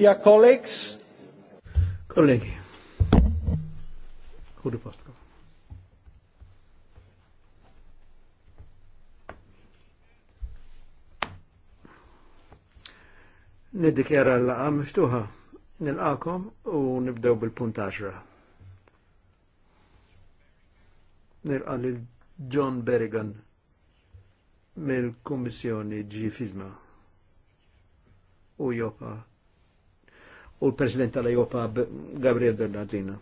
Dear colleagues. Kollegi. Kuri postkom. Niddikjara l-laqa miftuħa. Nilqakom u nibdew bil-punt 10. Nilqa lil John Berrigan mill-Kummissjoni ġifizma u jopa u l-President tal-Ejopa Gabriel Bernardino.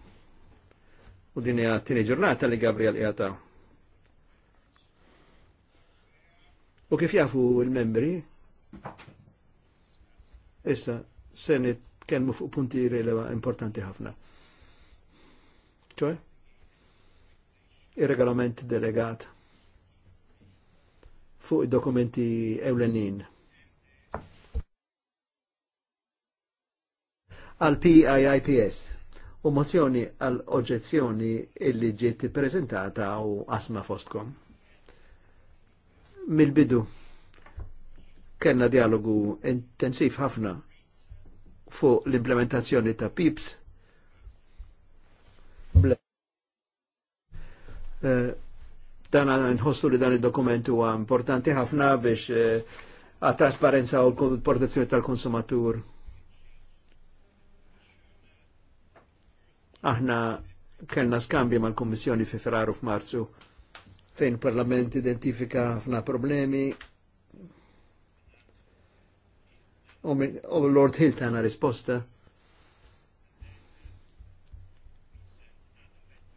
U din hija tieni ġurnata li Gabriel qiegħata. U kif jafu l-membri, issa se nitkellmu fuq punti rileva importanti ħafna. ċoj? Il-regolament delegat fuq id-dokumenti ewlenin għal PIIPS u mozzjoni għal oġezzjoni illi ġiet prezentata u asma fostkom. Mil-bidu, kellna dialogu intensiv ħafna fuq l-implementazzjoni ta' PIPS. Uh, eh, dan nħossu li dan il-dokument huwa importanti ħafna biex eh, għat-trasparenza u l-protezzjoni tal-konsumatur Aħna kellna skambja mal-Kommissjoni fi Ferraru f'Marzu fejn il-Parlament identifika ħafna problemi u Lord Hill tana risposta.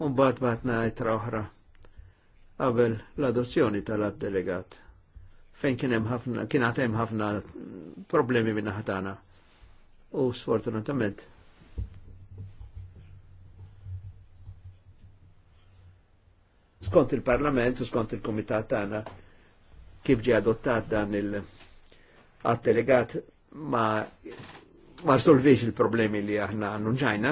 U bat batna itra oħra qabel l-adozzjoni tal delegat fejn kien hemm ħafna kien hemm ħafna problemi minn ħatana. U sfortunatament skont il-Parlament u skont il-Komitat tagħna kif ġie adottat dan il għad delegat ma ma solvix il-problemi li aħna annunġajna.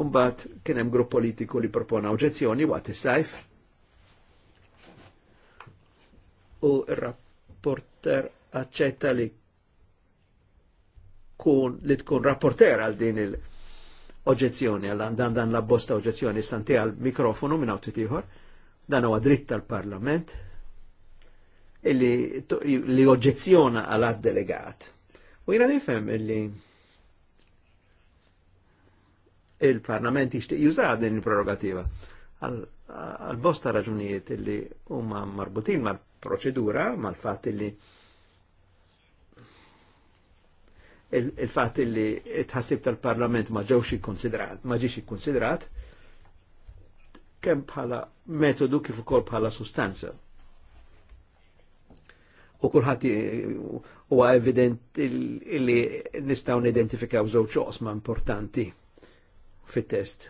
Umbat kien hemm grupp politiku li propona oġezzjoni waqt is-sajf. U r-rapporter accetta li kun li tkun rapporter għal din il- oġezzjoni għal dan dan la bosta oġezzjoni stanti għal mikrofonu minna u titiħor, dan huwa dritt tal-parlament illi li oġezzjona għal delegat. U jina nifem illi il-parlament jixtieq juża din il-prerogativa għal bosta raġunijiet illi huma marbutin mal-proċedura, mal fat illi il-fat il li tħassib tal-parlament ma ġewx ikkonsidrat, ma ġiex ikkonsidrat, kemm bħala metodu kif ukoll bħala sustanza. U kulħadd huwa evident li nistgħu nidentifikaw żewġ oqsma importanti fit-test.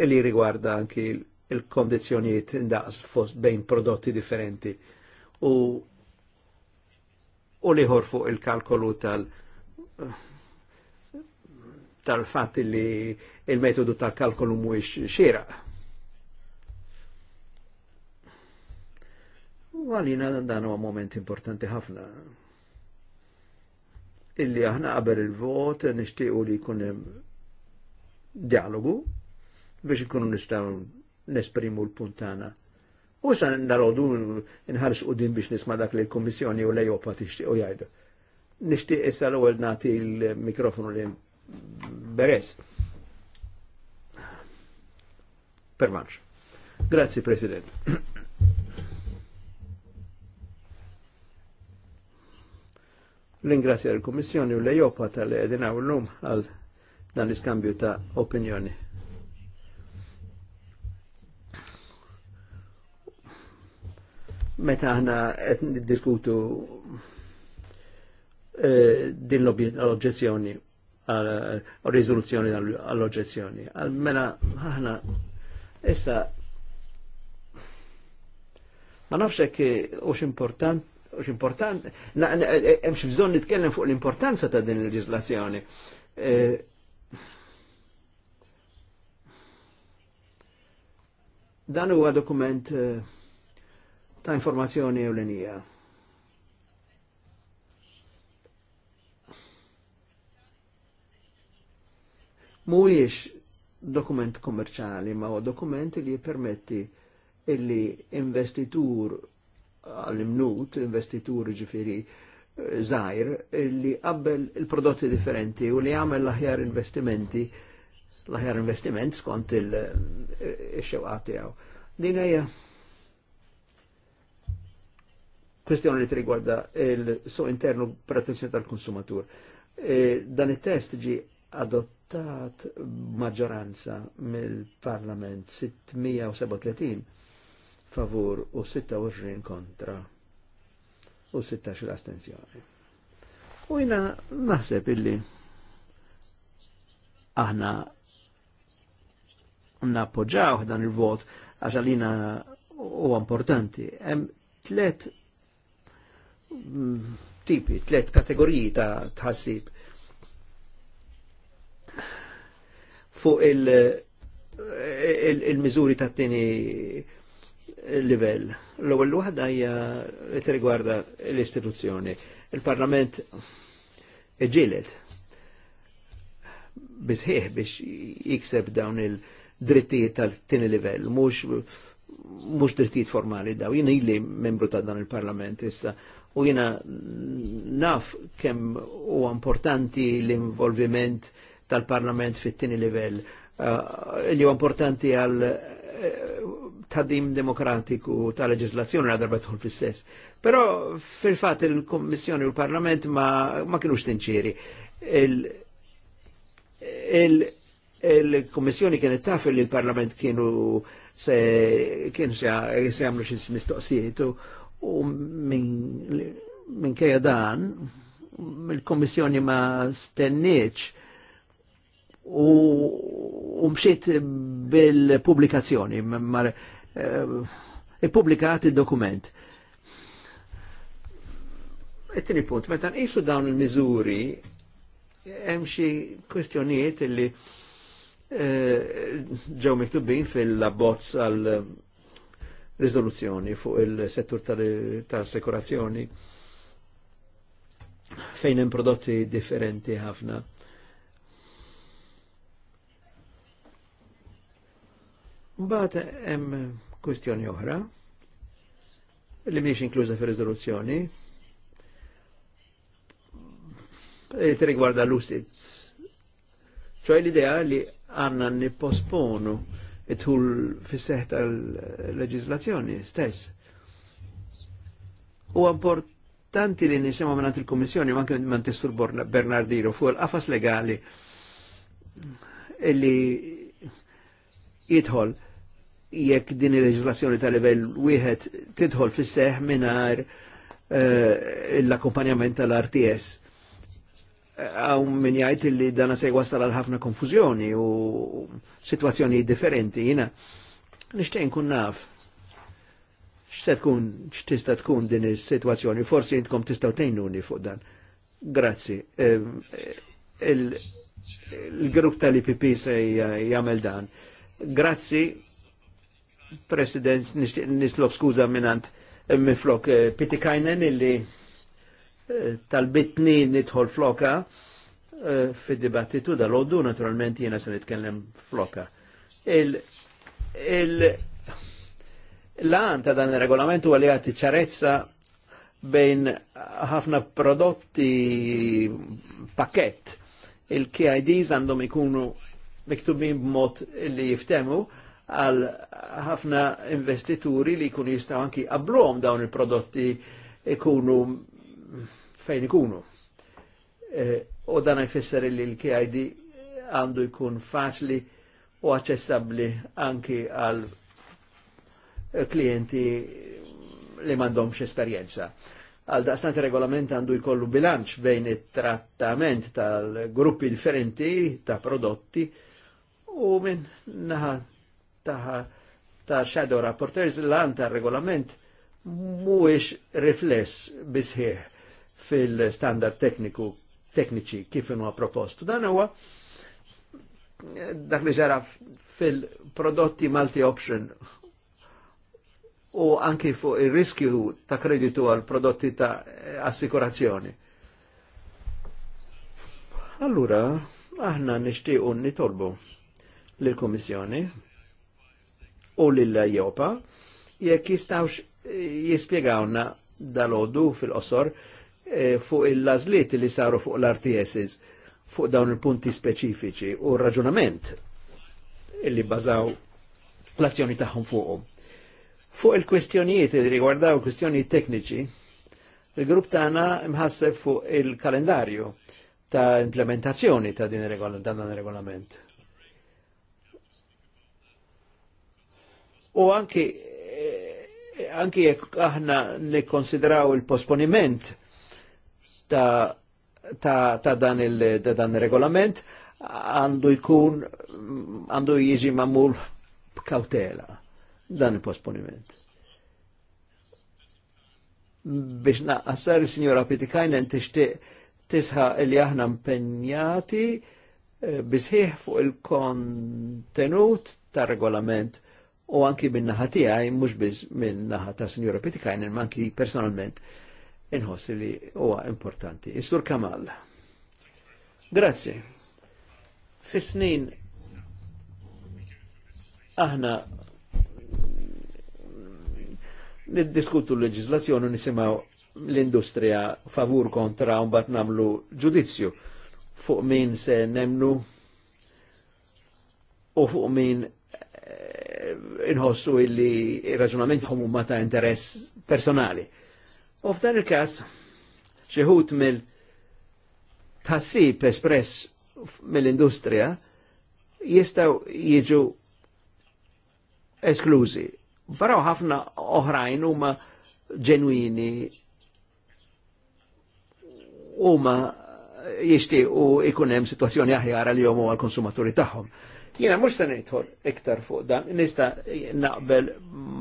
Li rigwarda anki il-kondizjonijiet indaqs fost bejn prodotti differenti u u liħor fuq il-kalkolu tal- tal-fat li il-metodu tal-kalkolu mhuwiex xira. U għalina dan huwa moment importanti ħafna. Illi aħna qabel il-vot nixtiequ li jkun dialogu biex ikunu nistgħu nesprimu l-puntana. U sa narodu nħarx u din biex nisma dak li l-Kommissjoni u l-Ejopa tixtiq u jajdu. Nixtieq issa l-ewwel nati l-mikrofonu li Beres. Pervanx. Grazzi President. Ringrazzja l-Kommissjoni u l-Ejopa tal u l-lum għal dan l-iskambju ta' opinjoni. meta ħna diskutu eh, din l-oġġezzjoni eh, riżoluzzjoni għall oġezzjoni Mela aħna issa ma nafx hekk hux important hux important, eh, hemmx bżonn nitkellem fuq l-importanza ta' din il-leġislazzjoni. Dan huwa dokument uh, ta' informazzjoni ewlenija. Mhuwiex dokument kommerċali, ma huwa dokument li jipermetti illi investitur għal-imnut, investitur ġifiri zaħir, eh, li qabbel il-prodotti differenti u li għamel l-aħjar investimenti, l-aħjar investiment skont il eh, xewqati għaw. Din kwestjoni li trigwarda il-so internu protezzjoni tal-konsumatur. E, dan it-test ġi adottat maġġoranza mill-Parlament 637 favur u 26 kontra u 16 astenzjoni. U jina naħseb illi aħna nappoġġaw dan il-vot għaxalina u importanti. Hemm tlet tipi, tlet kategoriji ta' tħassib. Fuq il-miżuri ta' t tini livell. L-ewwel waħda hija rigwarda l-istituzzjoni. Il-Parlament iġilet bizħieħ biex jikseb dawn il-drittijiet tal-tini livell, mhux mux drittijiet formali daw, jien li membru ta' dan il-parlament issa u jina naf kem u importanti l-involviment tal-parlament fit-tini livell uh, li u importanti għal eh, tadim demokratiku ta' leġislazzjoni għadar batħol fil-sess. Pero fil-fat il-Kommissjoni u l-Parlament ma, ma kienux tinċiri. Il-Kommissjoni il, il kienet taf li l-Parlament kienu se kienu se għamlu xis mistoqsijiet U minn min kajja dan, il-Komissjoni ma stenniċ u, mxiet bil-publikazzjoni, mar eh, ippubblikat e il-dokument. It-tini punt, meta nqisu dawn il-miżuri, hemm xi kwestjonijiet li eh, ġew miktubin fil-abbozz għal rizoluzzjoni fuq il-settur tal-assikurazzjoni fejn hemm prodotti differenti ħafna. Mbagħad hemm kwistjoni oħra li mhix inkluża fir-riżoluzzjoni li e, tirigwarda l-usits. Cioè l-idea li għanna nipposponu it-tul fis-seħ tal leġislazzjoni stess. U importanti li nisimgħu minn il kummissjoni ma' man tistur Bernardino, fuq il-qafas legali illi jidħol jekk din il leġislazzjoni tal livell wieħed tidħol fis-seħ minar eh, l-akkumpanjament tal-RTS għaw min jgħajt li dana se jwasal għal ħafna konfuzjoni u situazzjoni differenti jina. Nishtejn kun naf, x'se tkun, x'tista tkun din is-sitwazzjoni, forsi intkom tistgħu tgħinuni fuq dan. Grazzi. Il-grupp tal-IPP se jagħmel dan. Grazzi, President, nislob skuża minnant minn flok eh, Pitikajnen illi tal-bitni nidħol floka eh, fi dibattitu dal-oddu naturalment jena se nitkellem floka. Il, l-għan ta' dan il-regolamentu għalli għati ċarezza bejn ħafna prodotti pakett il-KIDs għandhom ikunu miktubin b'mod li jiftemu għal ħafna investituri li jkunu jistaw anki għablom dawn il-prodotti ikunu fejn ikunu. E, u dan jfisser li l-KID għandu jkun faċli u aċċessabbli anki għal klienti li mandomx esperienza. Għal daqstant regolament għandu jkollu bilanċ bejn it-trattament tal-gruppi differenti ta' prodotti u minn naħa taħa ta' shadow rapporteurs l-għan ta' regolament muwix rifless bisħieħ fil-standard tekniku tekniċi kif huwa propost. Dan huwa dak li ġara fil-prodotti multi-option u anki fuq il-riskju ta' kreditu għal prodotti ta' assikurazzjoni. Allura, aħna nishtiqu nitolbu l-Komissjoni u l-Jopa jekk jistawx jispiegawna dal-ħodu fil-qosor Eh, fuq il-lażliet li saru fuq l-RTSs fuq dawn il-punti speċifiċi u r-raġunament li bazaw l-azzjoni tagħhom fuqhom. Fuq il-kwestjonijiet li rigwardaw kwestjonijiet tekniċi, il-grupp tagħna mħasseb fuq il-kalendarju ta' implementazzjoni ta' din regolament. U anki eh, anki jekk aħna nikkonsidraw il-posponiment ta', ta, ta dan il-regolament għandu jkun għandu jiġi mamul b'kautela dan il-posponiment. Biex naqqassar il-Sinjora Pitikajnen tixtieq tisħa li aħna impenjati eh, bisħiħ fuq il-kontenut ta' regolament u anki minn naħa tiegħi mhux biss minn naħa ta' Sinjora Pitikajnen, ma anki personalment inħoss li huwa importanti. Istur Kamal. Grazzi. Fis-snin aħna niddiskutu l-leġizlazzjoni nisimgħu l-industrija favur kontra un bat namlu ġudizzju fuq min se nemnu u fuq min eh, inħossu illi il-raġunament huma ta' interess personali. U f'dan il-kas, xieħut mill tassib espress mill-industrija jistaw jiġu esklużi. Però ħafna oħrajn huma ġenwini huma jixtiequ ikun hemm sitwazzjoni aħjar għal jomu għall-konsumaturi tagħhom. Jena mux se nidħol iktar fuq dan, nista naqbel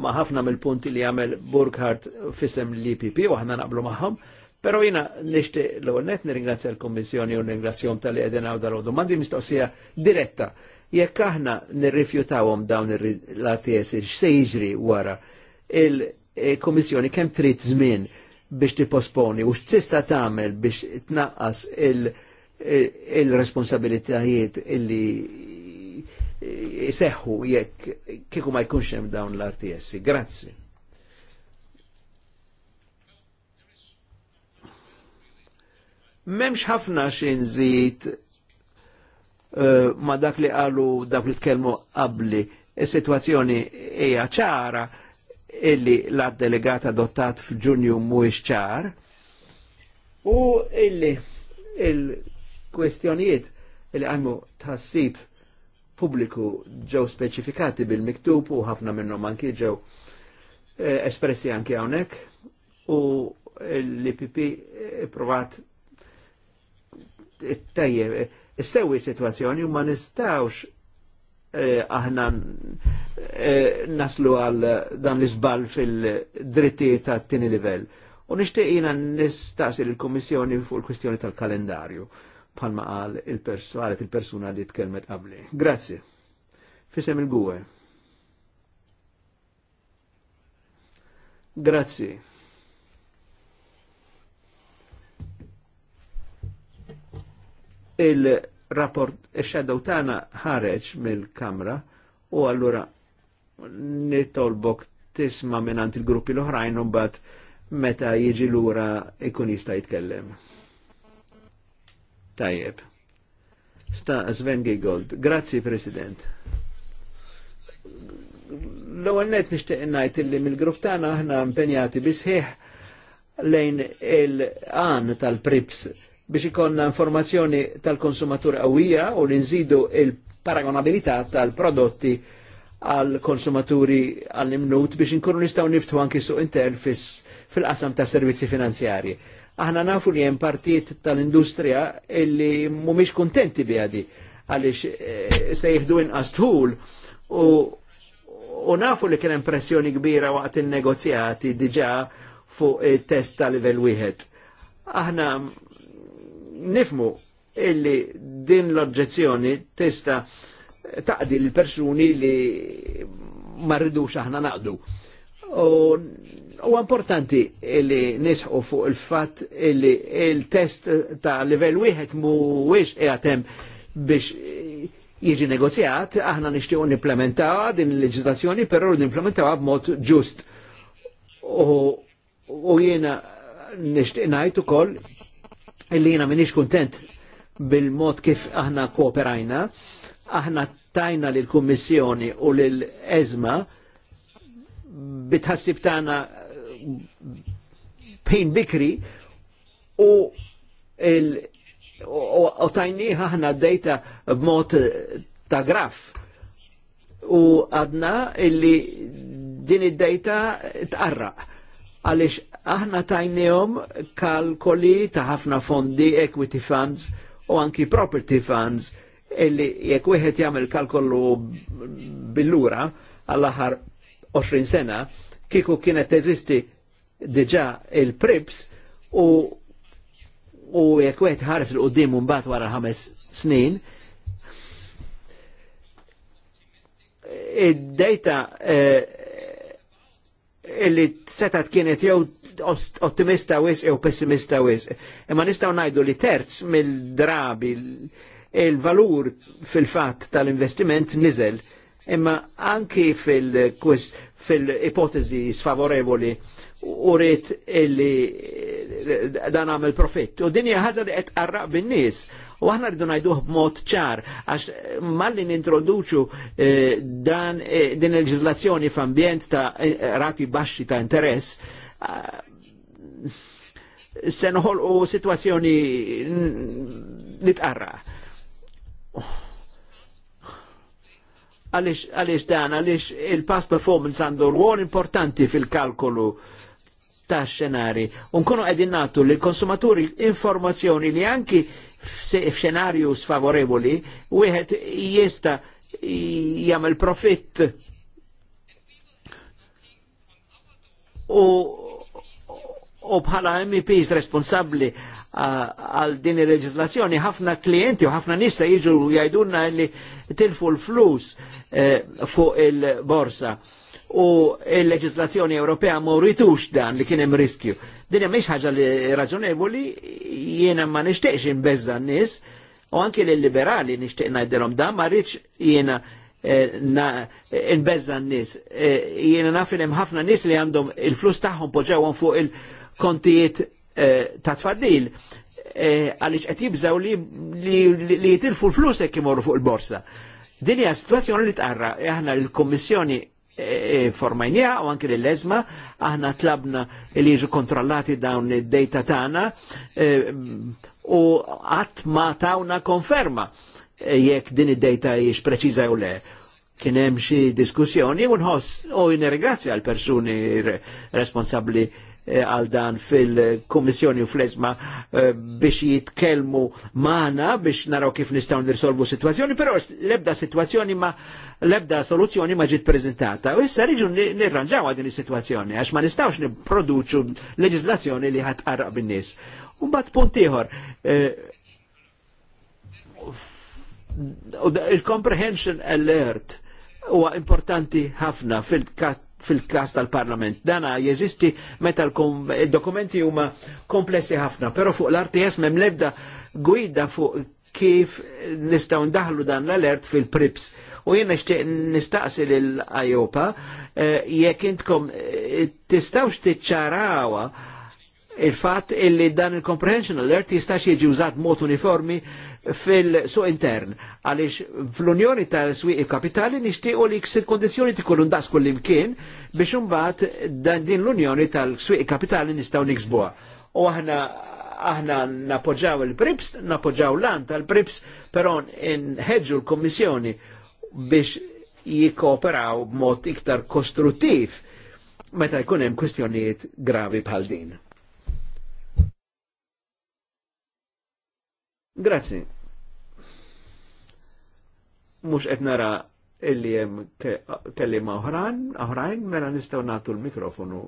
ma' ħafna mill-punti li għamel Burkhardt fissem l-IPP u ħana naqblu maħħom, pero jena nishti l-għonet nirringrazzja l-Kommissjoni u nirringrazzjom tal-li għedin għaw dal-għodu. Mandi mistoqsija diretta, jekk aħna nirrifjutawhom dawn l-RTS x'se jiġri wara il-Kommissjoni kemm trid żmien biex tipposponi u x'tista tagħmel biex tnaqqas il- il-responsabilitajiet illi jiseħħu jekk kieku ma jkunx hemm dawn l-RTS. Grazzi. Memx ħafna xinżid eh, ma dak li qalu dak li tkellmu qabli is-sitwazzjoni hija ċara illi l delegat adottat f'Ġunju mhuwiex ċar u illi il-kwestjonijiet illi għajmu tħassib pubbliku ġew speċifikati bil-miktub u ħafna minnhom anki ġew eh, espressi anki hawnhekk u l-IPP eh, provat tajjeb issewwi eh, situazzjoni u ma nistgħux aħna naslu għal dan l-isbal fil-dritti ta' tini livell. U nishtiqina nistaqsi l kummissjoni fuq il-kwistjoni tal-kalendarju. Palma qal il-persualet il-persuna li tkellmet għabli. Grazzi. Fisem il-gwe. Grazzi. Il-rapport, il-shadow tana ħareċ mill-kamra u allura nitolbok tisma minn il-gruppi l-oħrajn u bat meta jiġi l-ura ikun jista' jitkellem. Tajjeb. Sta Sven Gold. Grazzi, President. L-ewwel net nixtieq ngħid illi mill-grupp tagħna aħna impenjati bisħiħ lejn il-qan tal-prips biex ikonna informazzjoni tal-konsumatur qawwija u li nżidu il-paragonabilità tal-prodotti għal konsumaturi għall-imnut biex inkunu nistgħu niftu anki suq intern fil-qasam ta' servizzi finanzjarji. Aħna nafu li hemm partit tal-industrija illi mhumiex kuntenti bi għadi għaliex eh, se jieħdu inqas tħul u, u nafu li kien pressjoni kbira waqt il-negozjati diġà fuq il-test tal livell wieħed. Aħna nifmu illi din l-oġġezzjoni testa' taqdi l-persuni li marridux aħna naqdu. U U importanti li nisħu fuq il-fat li il-test ta' livell wieħed mhuwiex eħatem biex jiġi negozjat, aħna nixtiequ nimplementaw din il-leġislazzjoni, però nimplementaw b'mod ġust. U jiena nixtieq ngħid ukoll li jiena m'iniex kuntent bil-mod kif aħna kooperajna, aħna tajna lill kummissjoni u lill ezma bitħassib tagħna bħin bikri u il u tajni ħahna d-dejta b'mod eh, ta' graf. U għadna illi din id-dejta tqarraq. Għalix aħna tajnijom kalkoli ta' ħafna fondi, equity funds u anki property funds illi jekk wieħed jagħmel kalkolu billura għall-aħħar 20 sena, kiku kienet teżisti diġa il-prips u u jekk wieħed ħares l qudiem mbagħad wara ħames snin, id-dejta eh, illi setat kienet jew ottimista wis jew pessimista wis. Imma nistgħu ngħidu li terz mill-drabi il-valur fil-fatt tal-investiment niżel imma anki fil-ipotezi fil sfavorevoli u rrit illi eh, dan għamil profitt. U dinja ħagġa li qed qarraq bin nis. U għahna rridu ngħiduh b'mod ċar għax eh, malli nintroduċu eh, dan din il-leġiżlazzjoni f'ambjent ta' rati baxxi ta' interess se noħolqu situazzjoni li tqarra. għaliex dan għaliex il-pass performance għandu rwol importanti fil-kalkolu ta' xenari. Unkunu għedin natu li konsumaturi informazzjoni li anki f'xenarju sfavorevoli wieħed jista jagħmel profit. u u bħala MEPs responsabbli għal din il-reġislazzjoni ħafna klienti u ħafna nissa jiġu jajdunna li tilfu l-flus Eh, fuq il-borsa u il-leġislazzjoni Ewropea ma rritux dan li kien hemm riskju. Din hemm ħaġa li raġonevoli jiena ma nixtieqx inbeżza n-nies u anke lill-liberali nixtieq ngħidilhom dan ma rridx jiena eh, nbeżza n-nies. Eh, jiena naf hemm ħafna nies li għandhom il-flus tagħhom poġewhom fuq il-kontijiet ta' tfaddil għaliex qed jibżgħu li jitilfu l-flus jekk imorru fuq il-borsa. Din hija situazzjoni li tqarra, e aħna l-Kommissjoni e, e, formajnija u anke l-lezma, aħna tlabna li jiġu kontrollati dawn id-data tagħna u qatt ma tawna konferma jekk din id-data jiex preċiża jew le kien hemm xi diskussjoni u nħoss u nirringrazzja l-persuni responsabbli Eh, għal dan fil-Kommissjoni u fl-Esma eh, biex jitkelmu maħna biex naraw kif nistaw nirsolvu situazzjoni, però lebda situazzjoni ma lebda soluzzjoni ma ġiet prezentata. U issa riġu nirranġaw din is-situazzjoni għax ma nistawx niproduċu leġislazzjoni li ħat bin-nies. U bat punt ieħor, eh, il-comprehension alert huwa importanti ħafna fil-kat fil-klas tal-parlament. Dana jeżisti meta l-dokumenti huma komplessi ħafna, pero fuq l-RTS mem lebda gwida fuq kif nistaw ndaħlu dan l-alert fil-prips. U jena xtieq nistaqsi l-Ajopa, eh, jekk intkom eh, tistawx tiċċarawa il-fat illi dan il-comprehension alert jistax jieġi użat mod uniformi fil-suq intern. Għalix fl-unjoni tal-swiq kapitali u li ksir kondizjoni tikun undas kull-imkien biex umbat dan din l-unjoni tal-swiq kapitali nistaw niksbuha. U aħna aħna napoġġaw il-prips, napoġġaw l-ant tal-prips, però nħedġu l-kommissjoni biex jikoperaw b'mod iktar kostruttiv meta jkun hemm kwistjonijiet gravi bħal din. Grazzi. Mux qed nara illi jem kellima oħran, oħrajn, mela nistaw natu l-mikrofonu.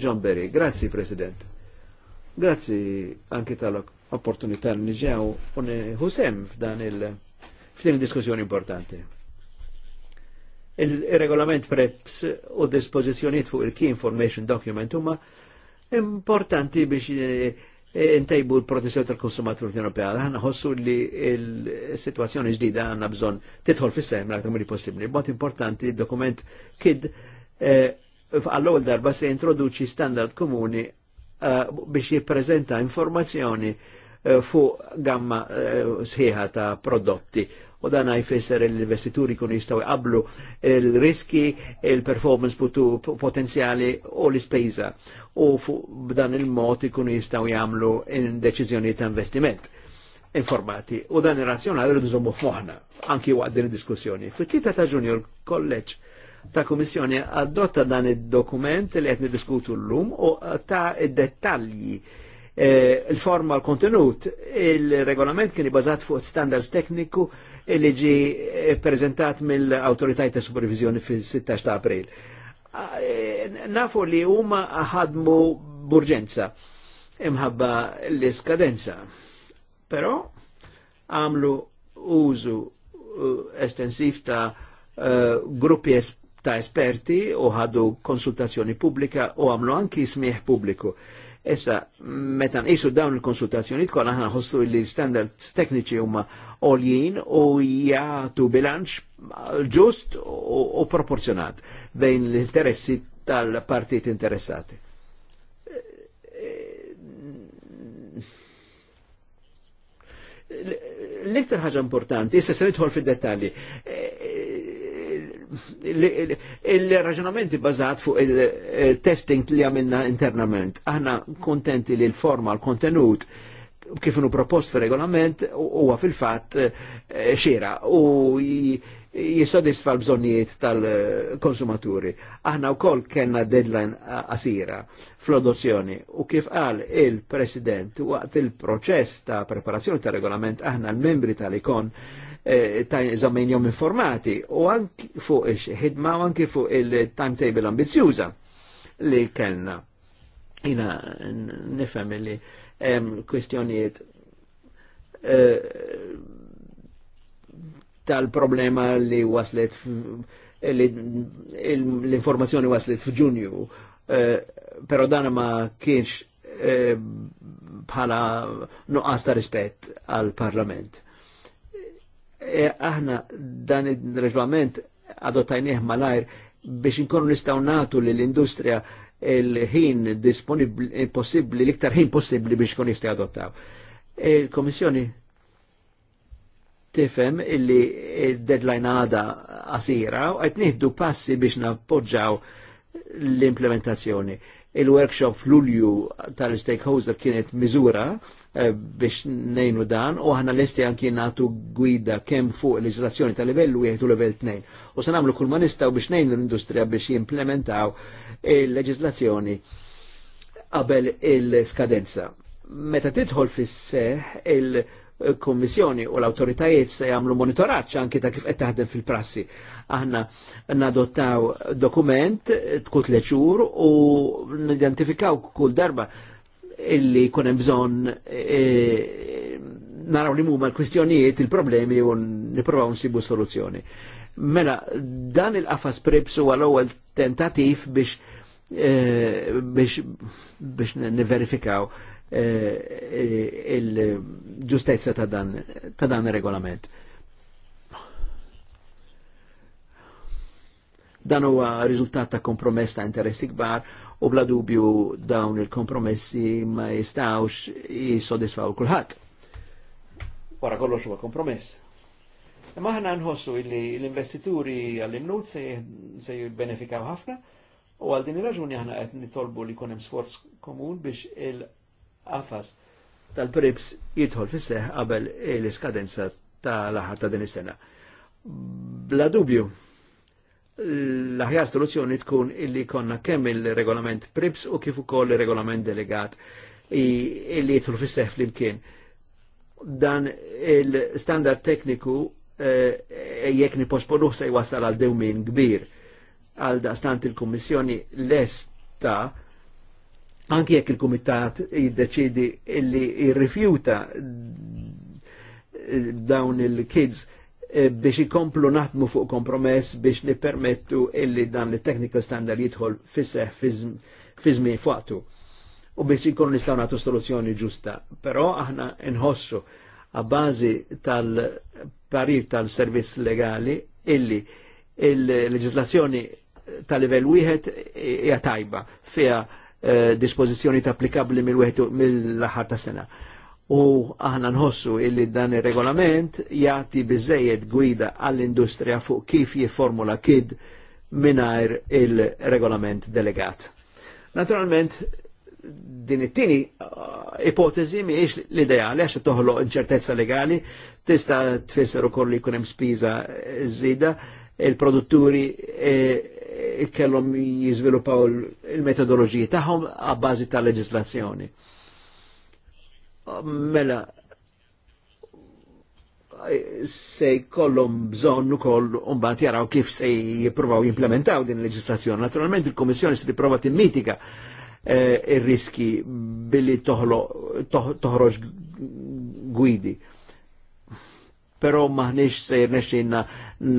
John Berry, grazzi President. Grazzi anki tal-opportunità ġew un husem f'dan il- f'din diskussjoni importanti. Il-regolament PREPS u dispożizzjoniet fuq il-Key Information Document huma importanti biex eh, E, ntejbu l-protezzjoni tal-konsumatur Ewropea. Għanna ħossu li l situazzjoni ġdida għanna bżon tidħol fis-sehem l-aktar mill possibbli. Bot importanti dokument kid e, għall-ewwel darba se introduċi standard komuni e, biex jippreżenta informazzjoni fuq gamma sħiħa ta' prodotti u dan jfisser l-investituri kun jistaw jqablu il-riski, il-performance potenziali u l-ispejza u b'dan il-mod kun jistaw jagħmlu deċiżjoni ta' investiment informati u dan ir-razzjonali rridu nżommu f'moħna, anki waqt din id-diskussjoni. Fit-tlieta ta' Junior College ta' Kummissjoni adotta dan id-dokument li qed l-lum u ta' id-dettalji Eh, il formal kontenut Il-regolament kien bazat fuq standards tekniku li ġi eh, prezentat mill-autoritajt ta' supervizjoni fil-16 ta' april. Ah, eh, nafu li huma ħadmu burġenza imħabba l-iskadenza. Però għamlu użu estensiv ta' gruppi ta' esperti u ħadu konsultazzjoni pubblika u għamlu anki smieħ pubbliku Issa, meta nqisu dawn il-konsultazzjoni tkun aħna ħossu li standards tekniċi huma oljin u jagħtu bilanċ ġust u proporzjonat bejn l-interessi tal-partit interessati. l-iktar ħaġa importanti, issa se nidħol fid-dettalji, il-raġunamenti bazat fuq il-testing li għamilna internament. Aħna kontenti li l-forma, l-kontenut, kif nu propost fil regolament huwa fil-fatt eh, xira u jisodisfa l-bżonijiet tal-konsumaturi. Aħna wkoll kellna deadline asira fl-adozzjoni u kif qal il-President waqt il-proċess ta' preparazzjoni tal regolament aħna l-membri tal-ikon Eh, ta' jom informati u anki fuq il-ħidma u anki fuq il-timetable ambizjuża li kellna. Jina nifem li kwestjonijiet eh, tal-problema li waslet l-informazzjoni waslet f'Ġunju, eh, pero dan ma kienx bħala nuqqas ta' rispett għal-Parlament E, aħna dan il-reglament adottajnieħ malajr biex inkonu nistaw natu li l-industrija il-ħin disponibli possibli, l-iktar ħin possibli biex kun jisti adottaw. Il-Komissjoni tifem illi il-deadline għada għasira u għajt nieħdu passi biex nappoġġaw l-implementazzjoni. Il-workshop l ulju tal-stakeholder kienet miżura Eh, biex nejnu dan u ħana l-esti anki natu gwida kem fuq l izrazzjoni ta' livell u jgħetu level 2. U se kull ma nistaw biex nejnu l-industrija biex jimplementaw il-leġizlazzjoni qabel il-skadenza. Meta tidħol fis-seħ il-Kommissjoni u l-autoritajiet se jagħmlu monitoraġġ anki ta' kif qed taħdem fil-prassi. Aħna nadottaw dokument tkun tliet u nidentifikaw kull darba illi kunem bżon e, naraw li mumma l-kwistjonijiet, il-problemi u niprofaw nsibu soluzzjoni. Mela, dan il-qafas prips u għal-ewwel tentativ e, biex biex biex niverifikaw e, il-ġustezza ta' dan, ta dan regolament. Dan huwa riżultat ta' kompromess ta' interessi kbar u bla dubju dawn il-kompromessi ma jistawx jisodisfaw kulħadd. Wara kollox huwa kompromess. Imma aħna nħossu illi l-investituri għall-innut se jibbenefikaw ħafna u għal din ir-raġuni aħna qed nitolbu li jkun hemm sforz komun biex il-qafas tal-prips jidħol fis-seħ qabel l-iskadenza tal-aħħar ta' din is-sena. Bla dubju, l-aħjar soluzzjoni tkun illi konna kemm il-regolament PRIPS u kif ukoll il-regolament delegat illi jitlu fis-seħf l Dan il-standard tekniku eh, jekk niposponuh se jwassal għal dewmin kbir għal daqstant il-Kummissjoni lesta anki jekk il-Kumitat jiddeċidi illi jirrifjuta eh, dawn il-kids Eh, biex ikomplu naħdmu fuq kompromess biex nipermettu illi dan li technical standard jidħol fisseħ fizmi fuqtu u biex ikun nistaw nagħtu soluzzjoni ġusta. Però aħna nħossu bażi tal-parir tal-servizz legali illi il-leġislazzjoni tal-livell wieħed hija tajba fiha eh, dispożizzjoni ta' applikabli mill-aħħar ta' sena u aħna nħossu illi dan ir-regolament jagħti bizzejed gwida għall-industrija fuq kif jiformula kid mingħajr il-regolament delegat. Naturalment, din it-tieni uh, ipotezi mhijiex l-ideali għax toħloq inċertezza legali, tista' tfisser ukoll li jkun hemm spiża żida, il-produtturi e, e, kellhom jiżviluppaw il-metodoloġiji tagħhom għabbażi tal-leġislazzjoni. Ta mela se jkollhom bżonn ukoll mbagħad jaraw kif se jippruvaw jimplementaw din il-leġislazzjoni. Naturalment il-Kummissjoni se tipprova timmitika eh, ir-riski billi toħroġ gwidi. Però maħniex se jirnexxinna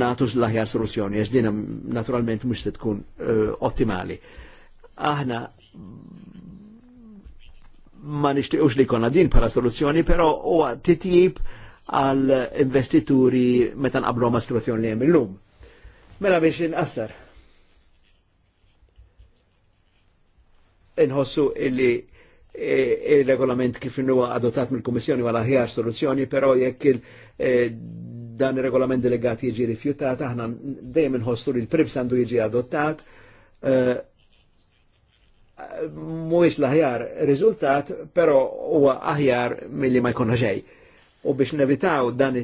natu l-aħjar soluzzjoni, għax dina naturalment mux se tkun eh, ottimali. Aħna ma nixtiequx li jkollna din bħala soluzzjoni, però huwa titjib għal investituri meta nqablu ma' situazzjoni li hemm illum. Mela biex inqassar. Inħossu illi e, il-regolament kif huwa adottat mill-Kummissjoni wara ħjar soluzzjoni, però jekk il e, dan ir-regolament delegat jiġi rifjutat, aħna dejjem inħossu li l-prips għandu jiġi adottat e, mhuwiex l-aħjar rizultat, pero huwa aħjar milli ma jkunna ġej. U biex nevitaw dan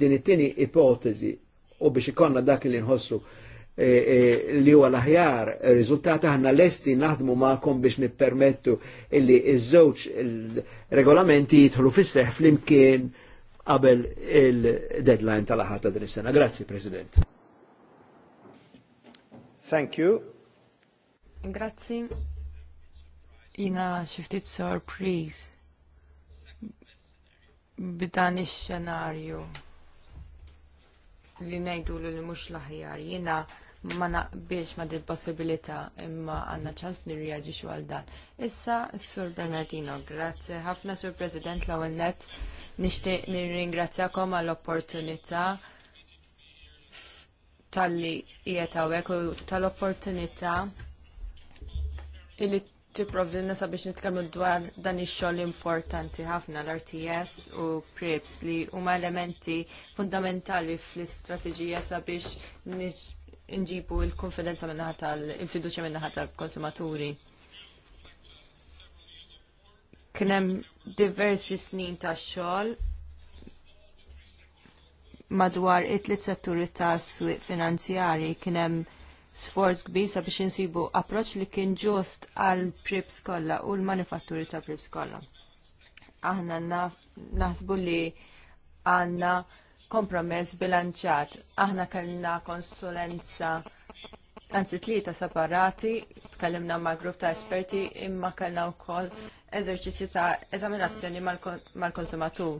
din it-tieni ipotezi u biex ikonna dak li nħossu e, e, li huwa l-aħjar riżultat aħna lesti naħdmu magħkom biex nippermettu illi iż-żewġ il regolamenti jidħlu fis seħħ flimkien qabel il-deadline tal-aħħar ta' din is-sena. Grazzi, President. Thank you. Grazzi jina xiftit surprise b'dan ix-xenarju li ngħidu li mhux l-aħjar jiena ma naqbilx ma dil possibilità imma għandna ċans nirreaġixxu għal dan. Issa Sur Bernardino, grazie ħafna Sur President l-ewwel nett nixtieq nirringrazzjakom għall-opportunità tal-li jietawek u tal-opportunità nisa sabiex nitkellmu dwar dan ix-xogħol importanti ħafna l-RTS u PRIPS li huma elementi fundamentali fl-istrateġija sabiex nġibu l-konfidenza minnaħa tal-fiduċja minnaħa tal-konsumaturi. Kien hemm diversi snin ta' xogħol madwar it-tliet setturi ta' swieq finanzjari kien hemm sforz kbir sabiex insibu approċ li kien ġust għal prips kollha u l-manifatturi ta' prips kollha. Aħna naħsbu li għanna kompromess bilanċat. Aħna kellna konsulenza għanzi tlieta separati, tkellimna ma' grupp ta' esperti imma kellna wkoll eżerċizzju ta' eżaminazzjoni mal-konsumatur.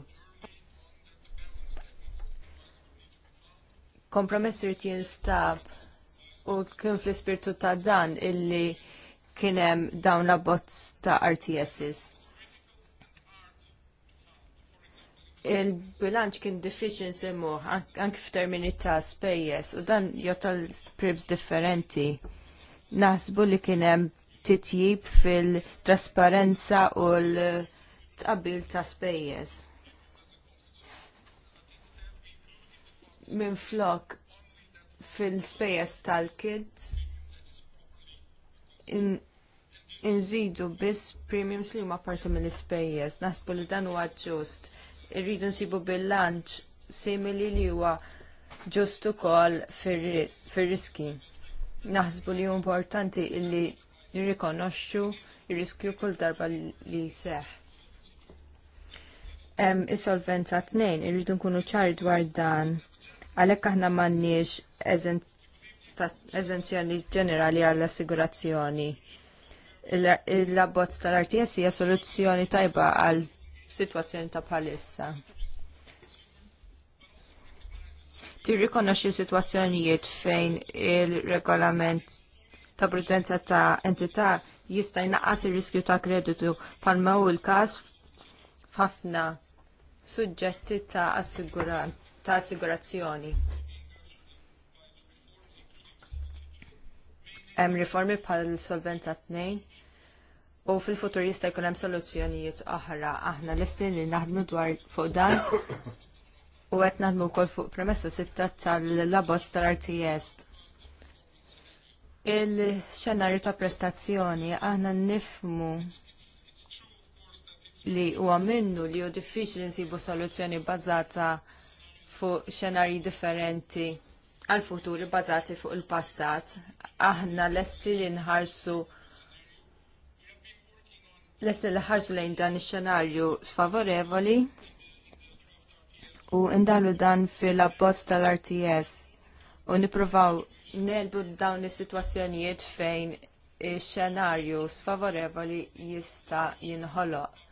kompromess irid jinstab u kien fl-ispirtu ta' dan illi kienem dawn l bots ta' RTSs. Il-bilanċ kien diffiċli nsemmu anke f'termini ta' spejjeż u dan jotol pribs differenti. Naħsbu li kien hemm titjib fil-trasparenza u l tqabil ta' spejjeż. Minn flok fil-spejjeż tal-kids inżidu biss premiums li huma parti mill-ispejjeż. Naħsbu li dan huwa ġust. Irridu nsibu bil-lanċ simili li huwa ġust ukoll fir-riski. Naħsbu li hu importanti li nirrikonoxxu ir-riskju kull darba li jseħħ. Hemm is-solvenza tnejn irridu nkunu ċari dwar dan Għalhekk aħna m'għandniex eżenzjoni ġenerali għall-assigurazzjoni. Il-labbozz tal-RTS hija soluzzjoni tajba għal situazzjoni ta' palissa. Tirrikonoxxi situazzjonijiet fejn il-regolament ta' prudenza ta' entità jista' jnaqqas ir-riskju ta' kreditu palma hu l-każ f'ħafna suġġetti ta' assigurant ta' assigurazzjoni. Hemm riformi bħal solvenza tnejn u fil-futur jista' jkun hemm soluzzjonijiet oħra aħna lesti li naħdmu dwar fuq dan u qed naħdmu wkoll fuq premessa sitta tal-labos tal-RTS. Il-xenarju ta' prestazzjoni aħna nifmu li huwa minnu li hu diffiċli nsibu soluzzjoni bbażata fuq xenarji differenti għal futuri bazati fuq il-passat. Aħna lesti li nħarsu lesti li ħarsu lejn dan ix-xenarju sfavorevoli u ndalu dan fil-abbozz tal-RTS u nippruvaw nelbu dawn is-sitwazzjonijiet fejn xenarju sfavorevoli jista' jinħoloq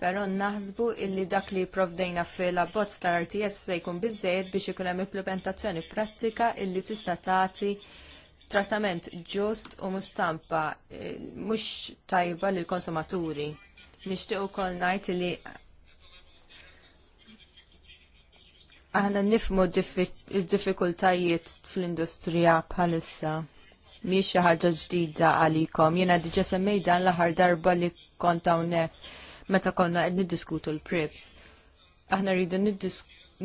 Pero naħsbu illi dak li provdejna fil-abbozz tal-RTS se jkun biżżejjed biex ikun hemm implementazzjoni prattika illi tista' tagħti trattament ġust u mustampa eh, mhux tajba lil konsumaturi. Nixtieq ukoll ngħid li aħna nifmu d-diffikultajiet fl-industrija bħalissa. Mhix xi ħaġa ġdida għalikom. Jiena diġà semmej dan l-aħħar darba li kont hawnhekk meta konna qed niddiskutu l-prips. Aħna rridu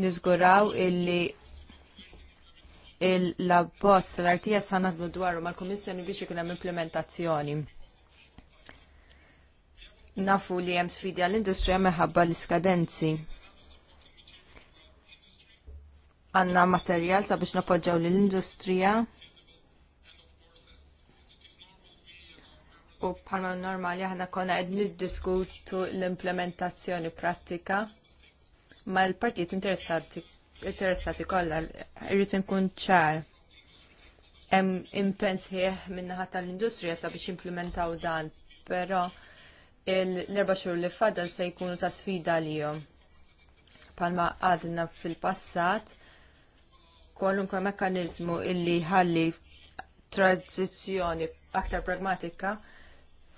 nizguraw illi il-labbozz l-RTS ħanadmu dwaru mal-Komissjoni biex ikun hemm implementazzjoni. Nafu li hemm sfidi għall-industrija meħabba l-iskadenzi. Għanna materjal sabiex napoġġaw l-industrija. u bħalma normali aħna konna qed niddiskutu l-implementazzjoni prattika ma l-partijiet interessati interessati kollha irrid nkun ċar hemm impens ħieħ minnaħat tal-industrija sabiex implementaw dan, però l-erba' xhur li fadal se jkunu ta' sfida għalihom. Palma għadna fil-passat, kwalunkwe mekanizmu illi ħalli tranzizzjoni aktar pragmatika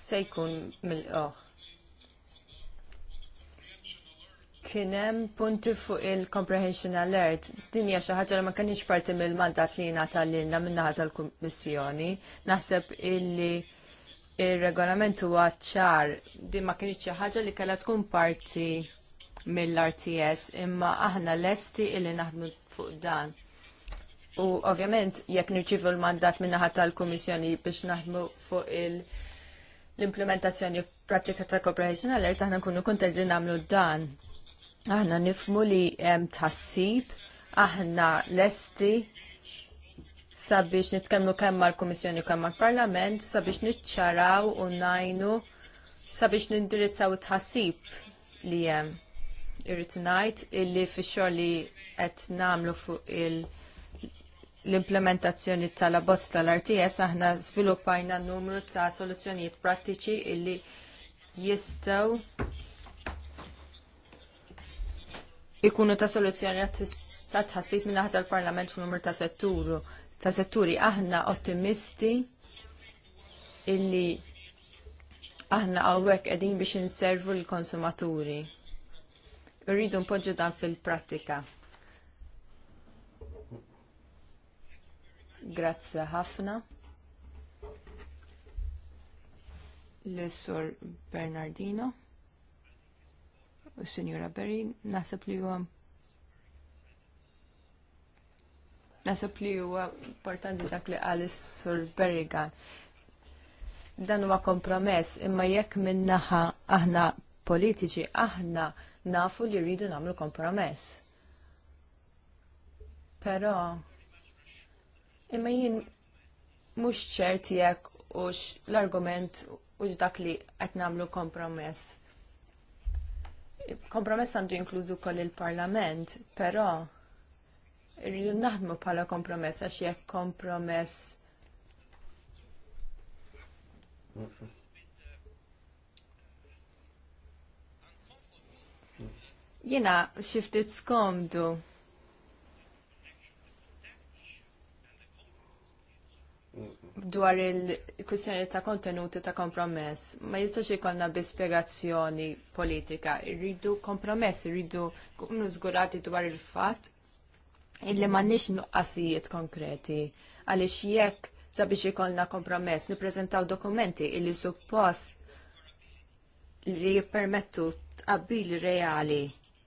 se jkun mill-qoħ. Kienem punti fuq il-Comprehension Alert, din hija xi ħaġa li ma kienx parti mill-mandat li ngħata lilna minnaħa tal-Kummissjoni. Naħseb illi ir-regolament huwa ċar din ma kienx xi ħaġa li kellha tkun parti mill-RTS imma aħna lesti illi naħdmu fuq dan. U ovvjament jekk nirċivu l-mandat minnaħat tal-Kummissjoni biex naħdmu fuq il- l-implementazzjoni pratika ta' cooperation alert aħna nkunu kontenti nagħmlu dan. Aħna nifmu li hemm tħassib, aħna lesti sabiex nitkellmu kemm mal-Kummissjoni u kemm mal-Parlament sabiex niċċaraw u najnu sabiex nindirizzaw tħassib li hemm. Irrid ngħid illi fix-xogħol li qed nagħmlu fuq il- l-implementazzjoni tal-abbozz tal-RTS aħna sviluppajna numru ta' soluzzjonijiet prattiċi illi jistaw ikunu ta' soluzzjoni ta' tħassib minn aħdar parlament f'numru ta' setturu ta' setturi aħna ottimisti illi aħna għawek edin biex inservu l-konsumaturi. Irridu npoġġu dan fil-prattika. Grazzi ħafna. l sor Bernardino u Sinjura Berry nasab li huwa nasab li huwa importanti dak li għal Sor sur Berrigan. Dan huwa kompromess imma jekk minnaħa aħna politiċi aħna nafu li rridu nagħmlu kompromess. Però Imma jien mhux ċerti jek ux l-argument ux dak li qed nagħmlu kompromess. Kompromess għandu jinkludu koll il-parlament, però rridu naħdmu bħala kompromess għax jekk kompromess Jena xiftit skomdu. dwar il-kwistjoni ta' kontenuti ta' kompromess, ma jistax ikonna bi politika, irridu kompromess, irridu kunu zgurati dwar il-fat illi ma nix nuqqasijiet konkreti, għalix jekk sabiex ikonna kompromess, niprezentaw dokumenti illi suppost li jippermettu tqabbil reali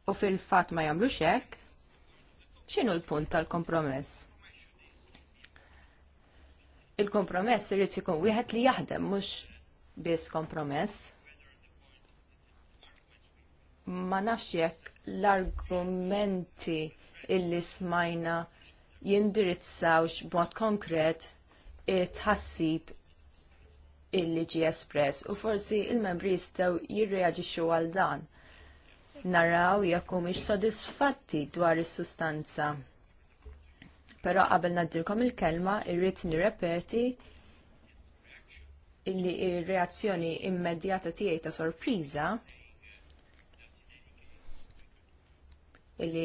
u fil-fat ma jamlu xek, ċinu l-punt tal-kompromess? il-kompromess irrid ikun wieħed li jaħdem mhux biss kompromess. Ma nafx jekk l-argumenti illi smajna jindirizzawx b'mod konkret it-ħassib illi ġie espress u forsi l membri jistgħu jirreaġixxu għal dan. Naraw jekk humiex sodisfatti dwar is-sustanza Però qabel naddilkom il-kelma, irrid nirrepeti illi ir-reazzjoni immedjata tiegħi ta' sorpriża illi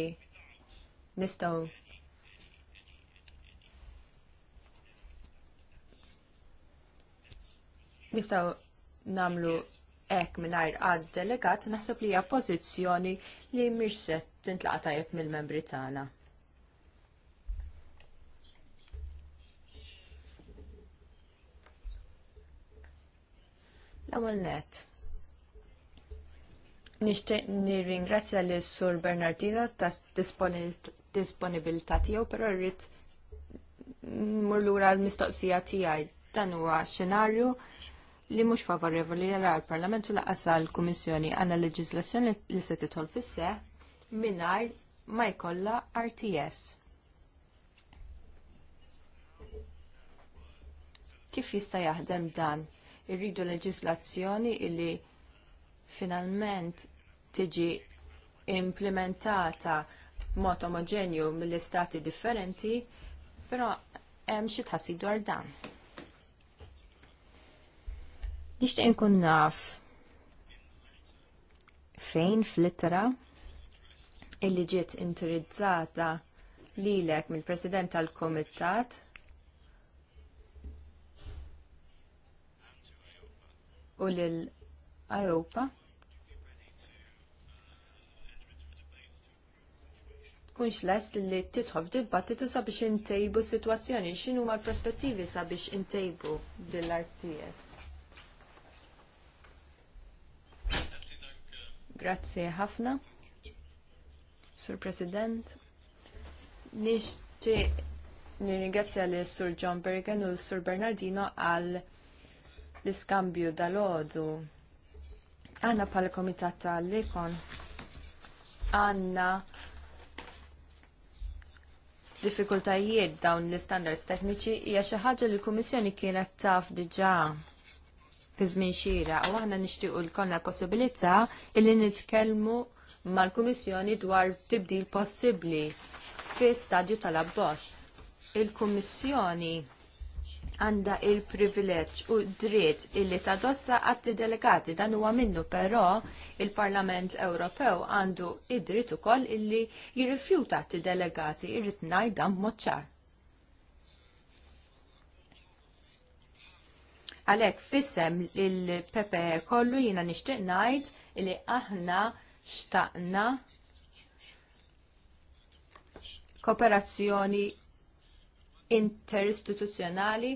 nistgħu nistgħu namlu hekk mingħajr għad delegat naħseb li hija pożizzjoni li mhix se tintlaqa' tajjeb mill-membri tagħna. L-ewwel nett. Nixtieq nirringrazzja lis sur Bernardino tas disponibilità tiegħu, però rrid mmur lura l-mistoqsija tiegħi. Dan huwa xenarju li mhux favorevoli għal u laqas għall kummissjoni għandna leġiżlazzjoni li se titħol fis-seħ mingħajr ma jkollha RTS. Kif jista' jaħdem dan? irridu leġislazzjoni illi finalment tiġi implementata mod omogenju mill-istati differenti, però hemm xi tħassib dwar dan. Nixtieq inkun naf fejn fl-ittra illi ġiet interizzata lilek mill-President tal-Komitat u lil ajopa tkunx lest li titħof dibattitu sabiex intejbu situazzjoni, xinu ma l-prospettivi sabiex intejbu dill-RTS. Grazzi ħafna, Sur President. Nixti nirringrazzja li Sur John Bergen u Sur Bernardino għal l-iskambju dal-ħodu. Għanna pal komitat tal-likon għanna diffikultajiet dawn l-standards tekniċi hija xi ħaġa li l-Kummissjoni kienet taf diġà fi żmien xira u aħna nixtiequ l-konna l-possibilità illi nitkellmu mal-Kummissjoni dwar tibdil possibbli fi stadju tal-abbozz. Il-Kummissjoni għanda il-privileġġ u dritt illi tadotta għatti delegati dan huwa minnu però il-Parlament Ewropew għandu id-dritt ukoll illi jirrifjuta għatti delegati irrid ngħid dan b'mod ċar. Għalhekk fissem il pp kollu jiena nixtieq ngħid illi aħna xtaqna kooperazzjoni interistituzzjonali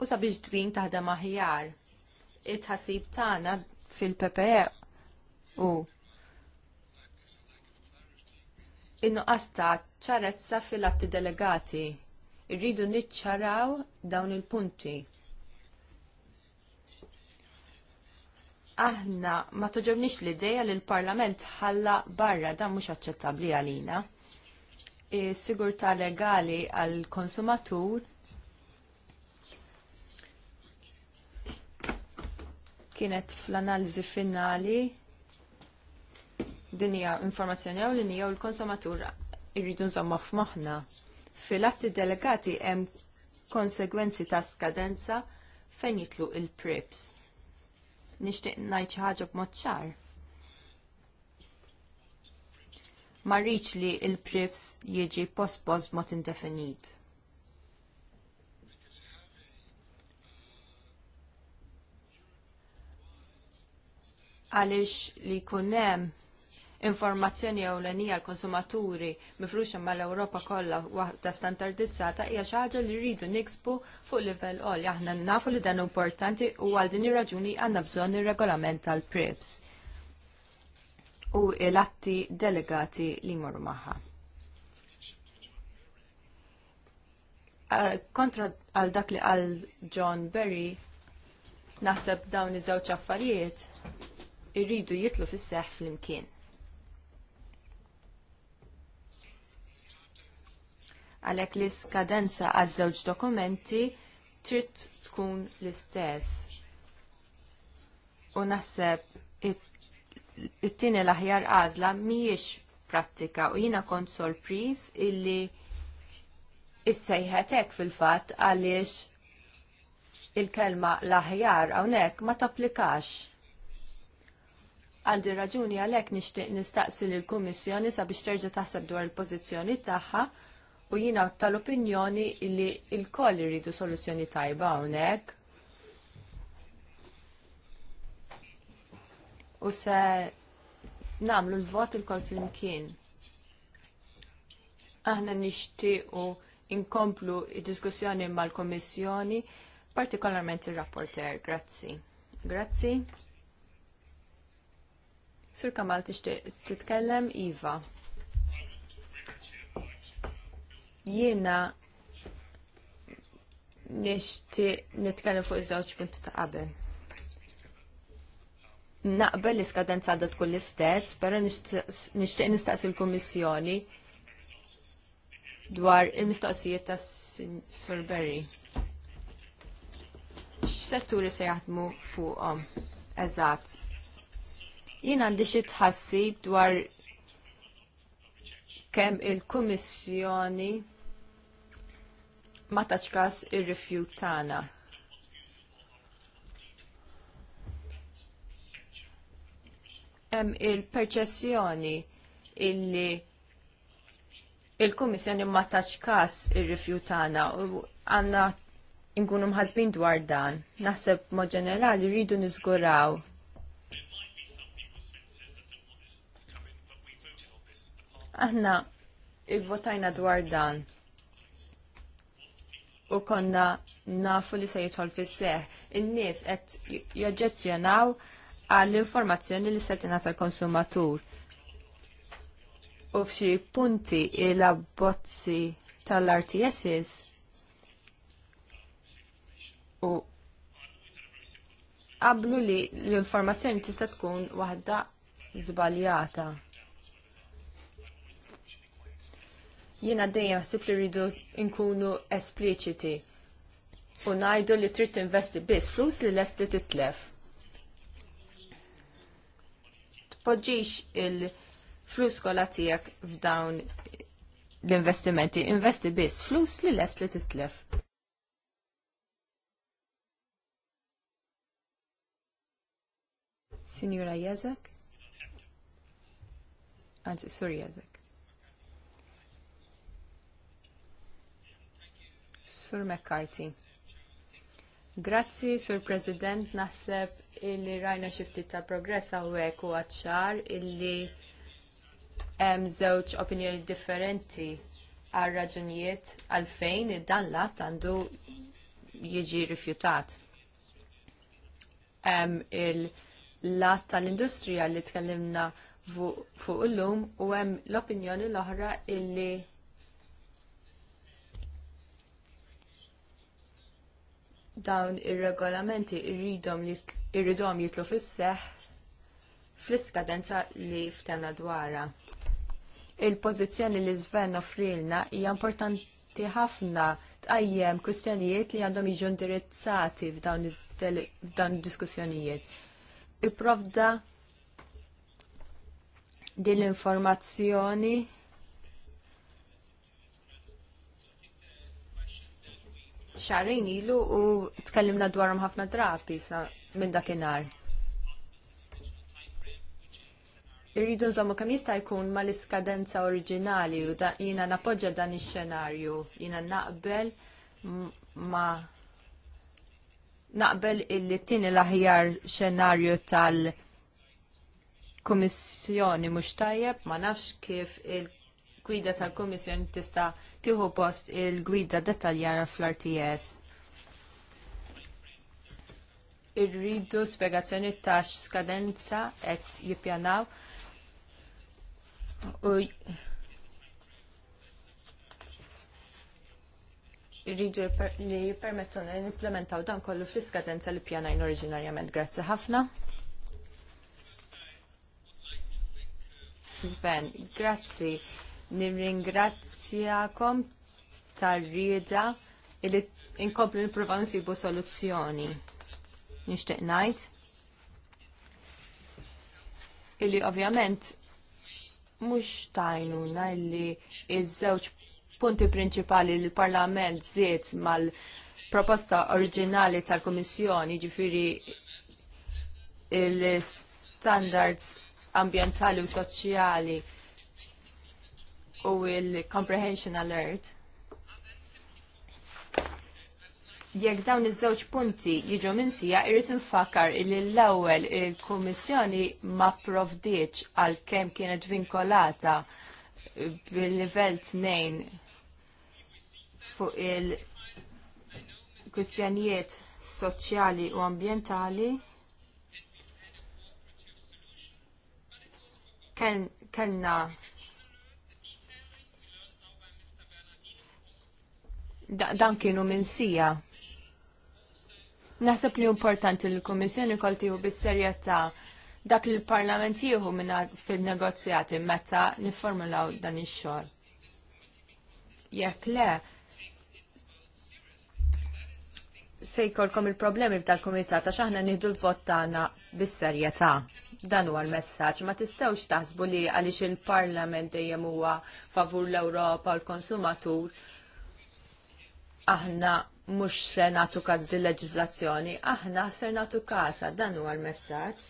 u sabiex din taħdem aħjar. It-ħasib tagħna fil-PPE u innuqas ta' ċarezza fil-atti delegati. Irridu niċċaraw dawn il-punti. Aħna ma toġobniex l-ideja li l-Parlament ħalla barra dan mhux aċċettabbli għalina sigurtà legali għall konsumatur kienet fl-analiżi finali din hija informazzjoni għaw li jew l-konsumatur irridu nżomma f'maħna. Fil-atti delegati hemm konsegwenzi ta' skadenza fejn jitlu il-prips. Nixtieq ngħid xi ħaġa b'mod ċar. ma rridx li l-prips jiġi pospos b'mod indefinit. Għaliex li jkun hemm informazzjoni ewlenija għall konsumaturi mifruxa mal-Ewropa kollha waħda standardizzata hija xi ħaġa li rridu niksbu fuq livell qol. Aħna nafu li dan importanti u għal din ir-raġuni għandna bżonn ir-regolament tal-prips u l-atti delegati li jmorru magħha. Kontra għal dak li għal John Berry, naħseb dawn iż-żewġ affarijiet irridu jitlu fis-seħħ flimkien. Għalhekk l-iskadenza għaż-żewġ dokumenti trid tkun l-istess. U naħseb it it-tieni l-aħjar għażla mhijiex prattika u jiena kont sorpriż illi issejħetek fil-fatt għaliex il-kelma l-aħjar hawnhekk ma tapplikax. Għandi raġuni għalhekk nixtieq nistaqsi lill kummissjoni sabiex terġa' taħseb dwar il-pożizzjoni tagħha u jiena tal-opinjoni li lkoll koll iridu soluzzjoni tajba hawnhekk u se namlu l-vot il-kol fl-imkien. Aħna nixtiequ inkomplu il diskussjoni mal-Komissjoni, partikolarment il-rapporter. Grazzi. Grazzi. Sur Kamal tixtieq titkellem Iva. Jiena nixtieq nitkellem fuq iż-żewġ punti ta' qabel naqbel l-iskadenza għadha tkun l-istess, pero nixtieq nistaqsi l-Kummissjoni dwar il-mistoqsijiet ta' Sur Berry. X'setturi se jaħdmu fuqhom eżatt. Jien għandi xi tħassib dwar kemm il-Kummissjoni ma taċkas ir-rifjut tagħna. hemm il-perċessjoni illi il-Kummissjoni ma taċ kas ir-rifjutana u għanna nkunu mħasbin dwar dan. Naħseb mod ġenerali rridu niżguraw Aħna ivvotajna dwar dan u konna nafu li se jitħol fis-seħ. In-nies qed joġġezzjonaw għall-informazzjoni li se tingħata l-konsumatur. U f'xi punti il abbozzi tal-RTSs u qablu li l-informazzjoni tista' tkun waħda żbaljata. Jiena dejjem ħsib li rridu nkunu espliċiti u ngħidu li trid tinvesti biss flus li lest li titlef tpoġġix il-flus kolla tiegħek f'dawn l-investimenti, investi biss flus li lest li titlef. Signora Jezek? Anzi, Sur Jezek. Sur McCarthy. Grazzi, Sur President, naħseb illi rajna xifti ta' progress għawek u għadċar illi hemm żewġ opinjoni differenti għal raġunijiet għalfejn id-dan lat għandu jiġi rifjutat. Hemm il-lat tal-industrija li tkellimna fuq illum u hemm l-opinjoni l-oħra illi dawn ir-regolamenti irridhom irridhom jitlu fis-seħħ fl-iskadenza li ftena dwarha. Il-pożizzjoni li Sven offrilna hija importanti ħafna tqajjem kwistjonijiet li għandhom jiġu indirizzati f'dawn id-diskussjonijiet. Iprovda din l-informazzjoni xarrin ilu u tkellimna dwarhom ħafna drabi sa minn dakinhar. Irridu nżommu kemm jista' jkun mal-iskadenza oriġinali u jiena napoġġa dan ix-xenarju, jiena naqbel ma naqbel illi tieni l-aħjar xenarju tal- Kummissjoni mhux tajjeb ma nafx kif il gwida tal-Komissjoni tista' tieħu post il-gwida dettaljara fl-RTS. Irridu spiegazzjoni tax skadenza qed jippjanaw u irridu li jippermettuna li nimplementaw dan kollu fl-iskadenza li pjanajn oriġinarjament. Grazzi ħafna. Sven, grazzi. Nirringrazzjakom tar-rieda illi inkomplu nipprova nsibu soluzzjoni. Nixtieq ngħid illi ovvjament mhux tajnuna illi iż-żewġ punti prinċipali li l-Parlament żied mal-proposta oriġinali tal-Kummissjoni ġifiri il-standards ambientali u soċjali u il-comprehension alert. Jekk dawn iż-żewġ punti jiġu minsija, irrid infakkar li l-ewwel il-Kummissjoni ma provdiċ għal kemm kienet vinkolata bil-livell tnejn fuq il kwistjonijiet soċjali u ambjentali. Kellna dan kienu minn sija. Naħseb li importanti l komissjoni kol tiħu bis-serjetà dak li l-Parlament jieħu minn fil-negozjati meta niformulaw dan ix-xogħol. Jekk le, se jkollkom il-problemi f'dal komitat għax aħna nieħdu l-vot tagħna bis-serjetà. Dan huwa l-messaġġ. Ma tistgħux taħsbu li għaliex il-Parlament dejjem huwa favur l-Ewropa u l-konsumatur aħna mhux se nagħtu każ din leġiżlazzjoni, aħna se nagħtu każa dan huwa l-messaġġ.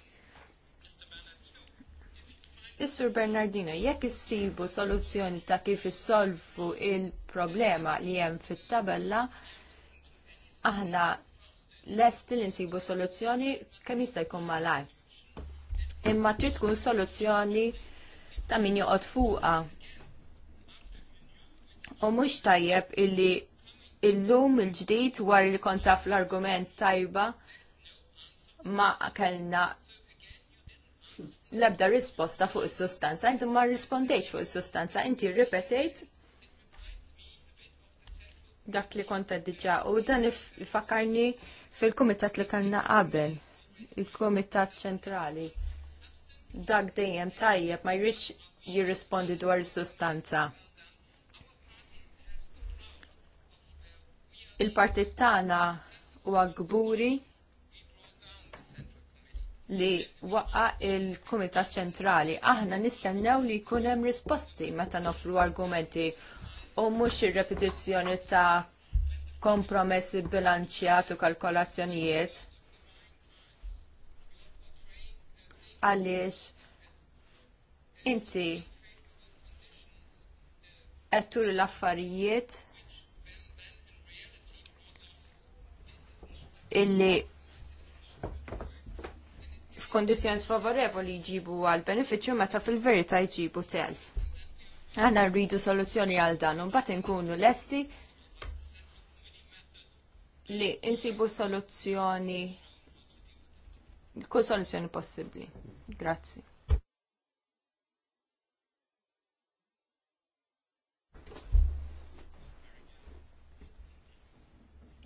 Issur Bernardino, jekk issibu soluzzjoni ta' kif issolvu il-problema li hemm fit-tabella, aħna lest li nsibu soluzzjoni kemm jista' jkun malaj. Imma trid tkun soluzzjoni ta' min joqgħod fuqha. U mhux tajjeb illi illum il-ġdid war li kont taf l-argument tajba ma kellna l-ebda risposta fuq is-sustanza, inti ma rispondejx fuq is-sustanza, inti ripetejt dak li konta diġa u dan ifakarni fil-komitat li kellna qabel, il-komitat ċentrali. Dak dejjem tajjeb ma jridx jirrispondi dwar is-sustanza. Il-partit tagħna huwa gburi li waqqa il-Kumitat Ċentrali. Aħna nistennew li jkun hemm risposti meta nofru argumenti u mhux ir-repetizzjoni ta' kompromessi bilanċjat u kalkolazzjonijiet. Għaliex inti għettur turi l-affarijiet illi f'kondizjoni sfavorevoli jġibu għal beneficju meta fil-verità jġibu telf. Għanna rridu soluzzjoni għal dan, un bat nkunu lesti li insibu soluzzjoni kull soluzzjoni possibli. Grazzi.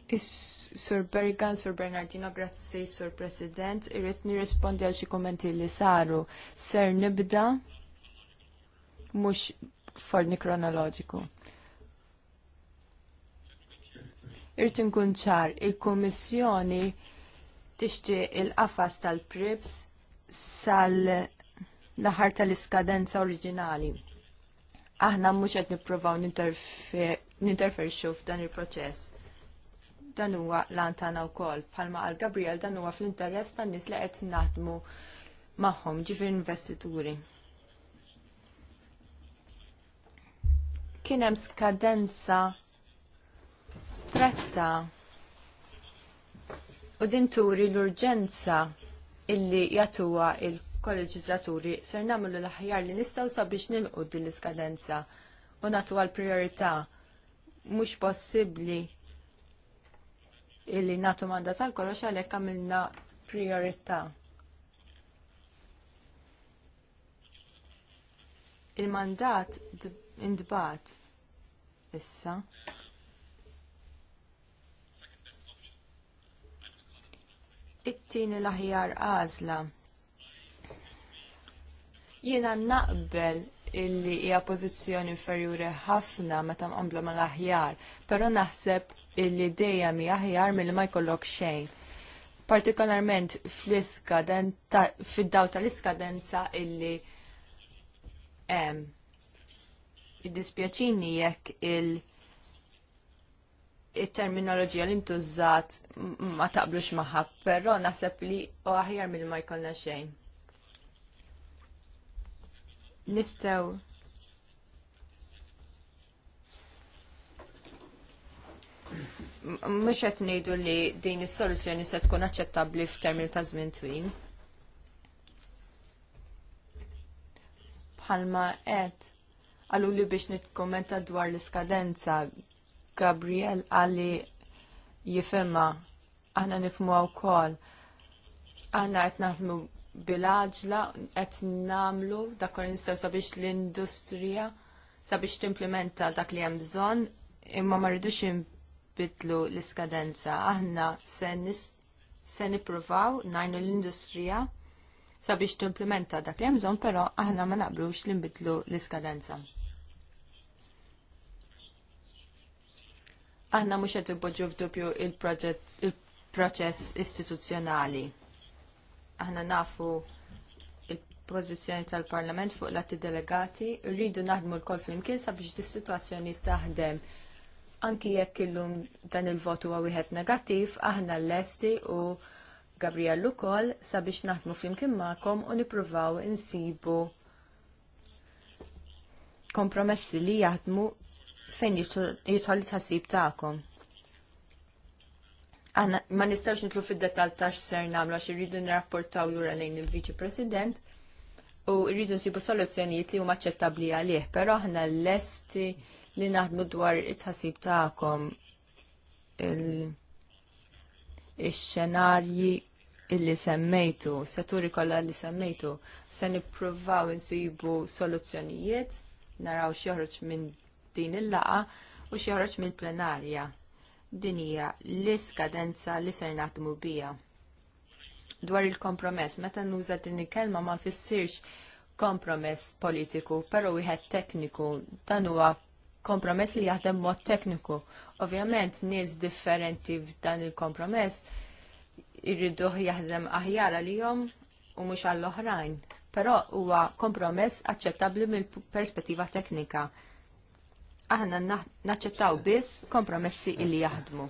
Is Sur Bergan, Sur Bernardino, grazzi Sur President. Irrit nirrispondi għal xi kommenti li saru. Ser nibda mhux forni kronoloġiku. Irrit nkun ċar, il-Kummissjoni tixti il-qafas tal-prips sal-laħar tal-iskadenza oriġinali. Aħna mhux qed nippruvaw ninterferxu f'dan il-proċess dan huwa lan tagħna wkoll. Bħalma għal Gabriel dan huwa fl-interess tan-nies li qed naħdmu magħhom ġifir investituri. Kien hemm skadenza stretta u din turi l-urġenza illi jatuwa il kolleġizzaturi ser nagħmlu l-aħjar li nistaw sabiex nilqu din l-iskadenza u natu għal priorità mhux possibbli illi natu mandat għal kollox għalhekk għamilna priorità. Il-mandat indbat issa. It-tieni l-aħjar għażla. Jiena naqbel illi hija pożizzjoni inferjuri ħafna meta mqabbla mal-aħjar, però naħseb illi dejjem mi aħjar milli ma jkollok xejn. Partikolarment fl-iskadenza fid-daw tal-iskadenza illi hemm. Id-dispjaċini jekk il- il-terminoloġija li ntużat ma taqblux magħha, però naħseb li u aħjar mill ma jkollna xejn. Nistew mhux qed ngħidu li din is-soluzzjoni se tkun aċċettabbli f'termin ta' żmien twil. Bħalma qed għallu li biex nitkommenta dwar l-iskadenza Gabriel għalli jifema aħna nifmu wkoll aħna qed naħdmu bil-għaġla qed namlu dak nistgħu sabiex l-industrija sabiex timplementa dak li hemm bżonn imma ma rridux bitlu l-iskadenza. Aħna se nippruvaw najnu l-industrija sabiex t-implementa dak li jemżon, però aħna ma naqblux li nbitlu l-iskadenza. Aħna mhux qed ipoġġu f'dubju il-proċess istituzzjonali. Aħna nafu pożizzjoni tal-Parlament fuq l-atti delegati, rridu naħdmu l-kol fl-imkien sabiex dis-situazzjoni taħdem Anki jekk illum dan il-votu huwa wieħed negattiv, aħna l-lesti u Gabriel ukoll sabiex naħdmu flimkien magħkom u nippruvaw insibu kompromessi li jaħdmu fejn jitħol tħassib tagħkom. Aħna ma nistax nitlu fid-detal tax ser nagħmlu għax irridu nirrapportaw lura lejn il-Viċi President u rridu nsibu soluzzjonijiet li huma aċċettabbli għalih, però aħna lesti li naħdmu dwar it-ħasib ta'kom il-xenarji illi semmejtu, seturi kollha li semmejtu, se nippruvaw insibu soluzzjonijiet, naraw xieħroċ minn din il-laqa u xieħroċ mill-plenarja. Din hija l-iskadenza li ser naħdmu bija. Dwar il-kompromess, meta nuża din il-kelma ma nfissirx kompromess politiku, pero wieħed tekniku dan huwa kompromess li jaħdem mod tekniku. Ovvjament, nies differenti f'dan il-kompromess irridu jaħdem aħjar għalihom u mhux għall-oħrajn. Però huwa kompromess aċċettabbli mill-perspettiva teknika. Aħna naċċettaw biss kompromessi illi jaħdmu.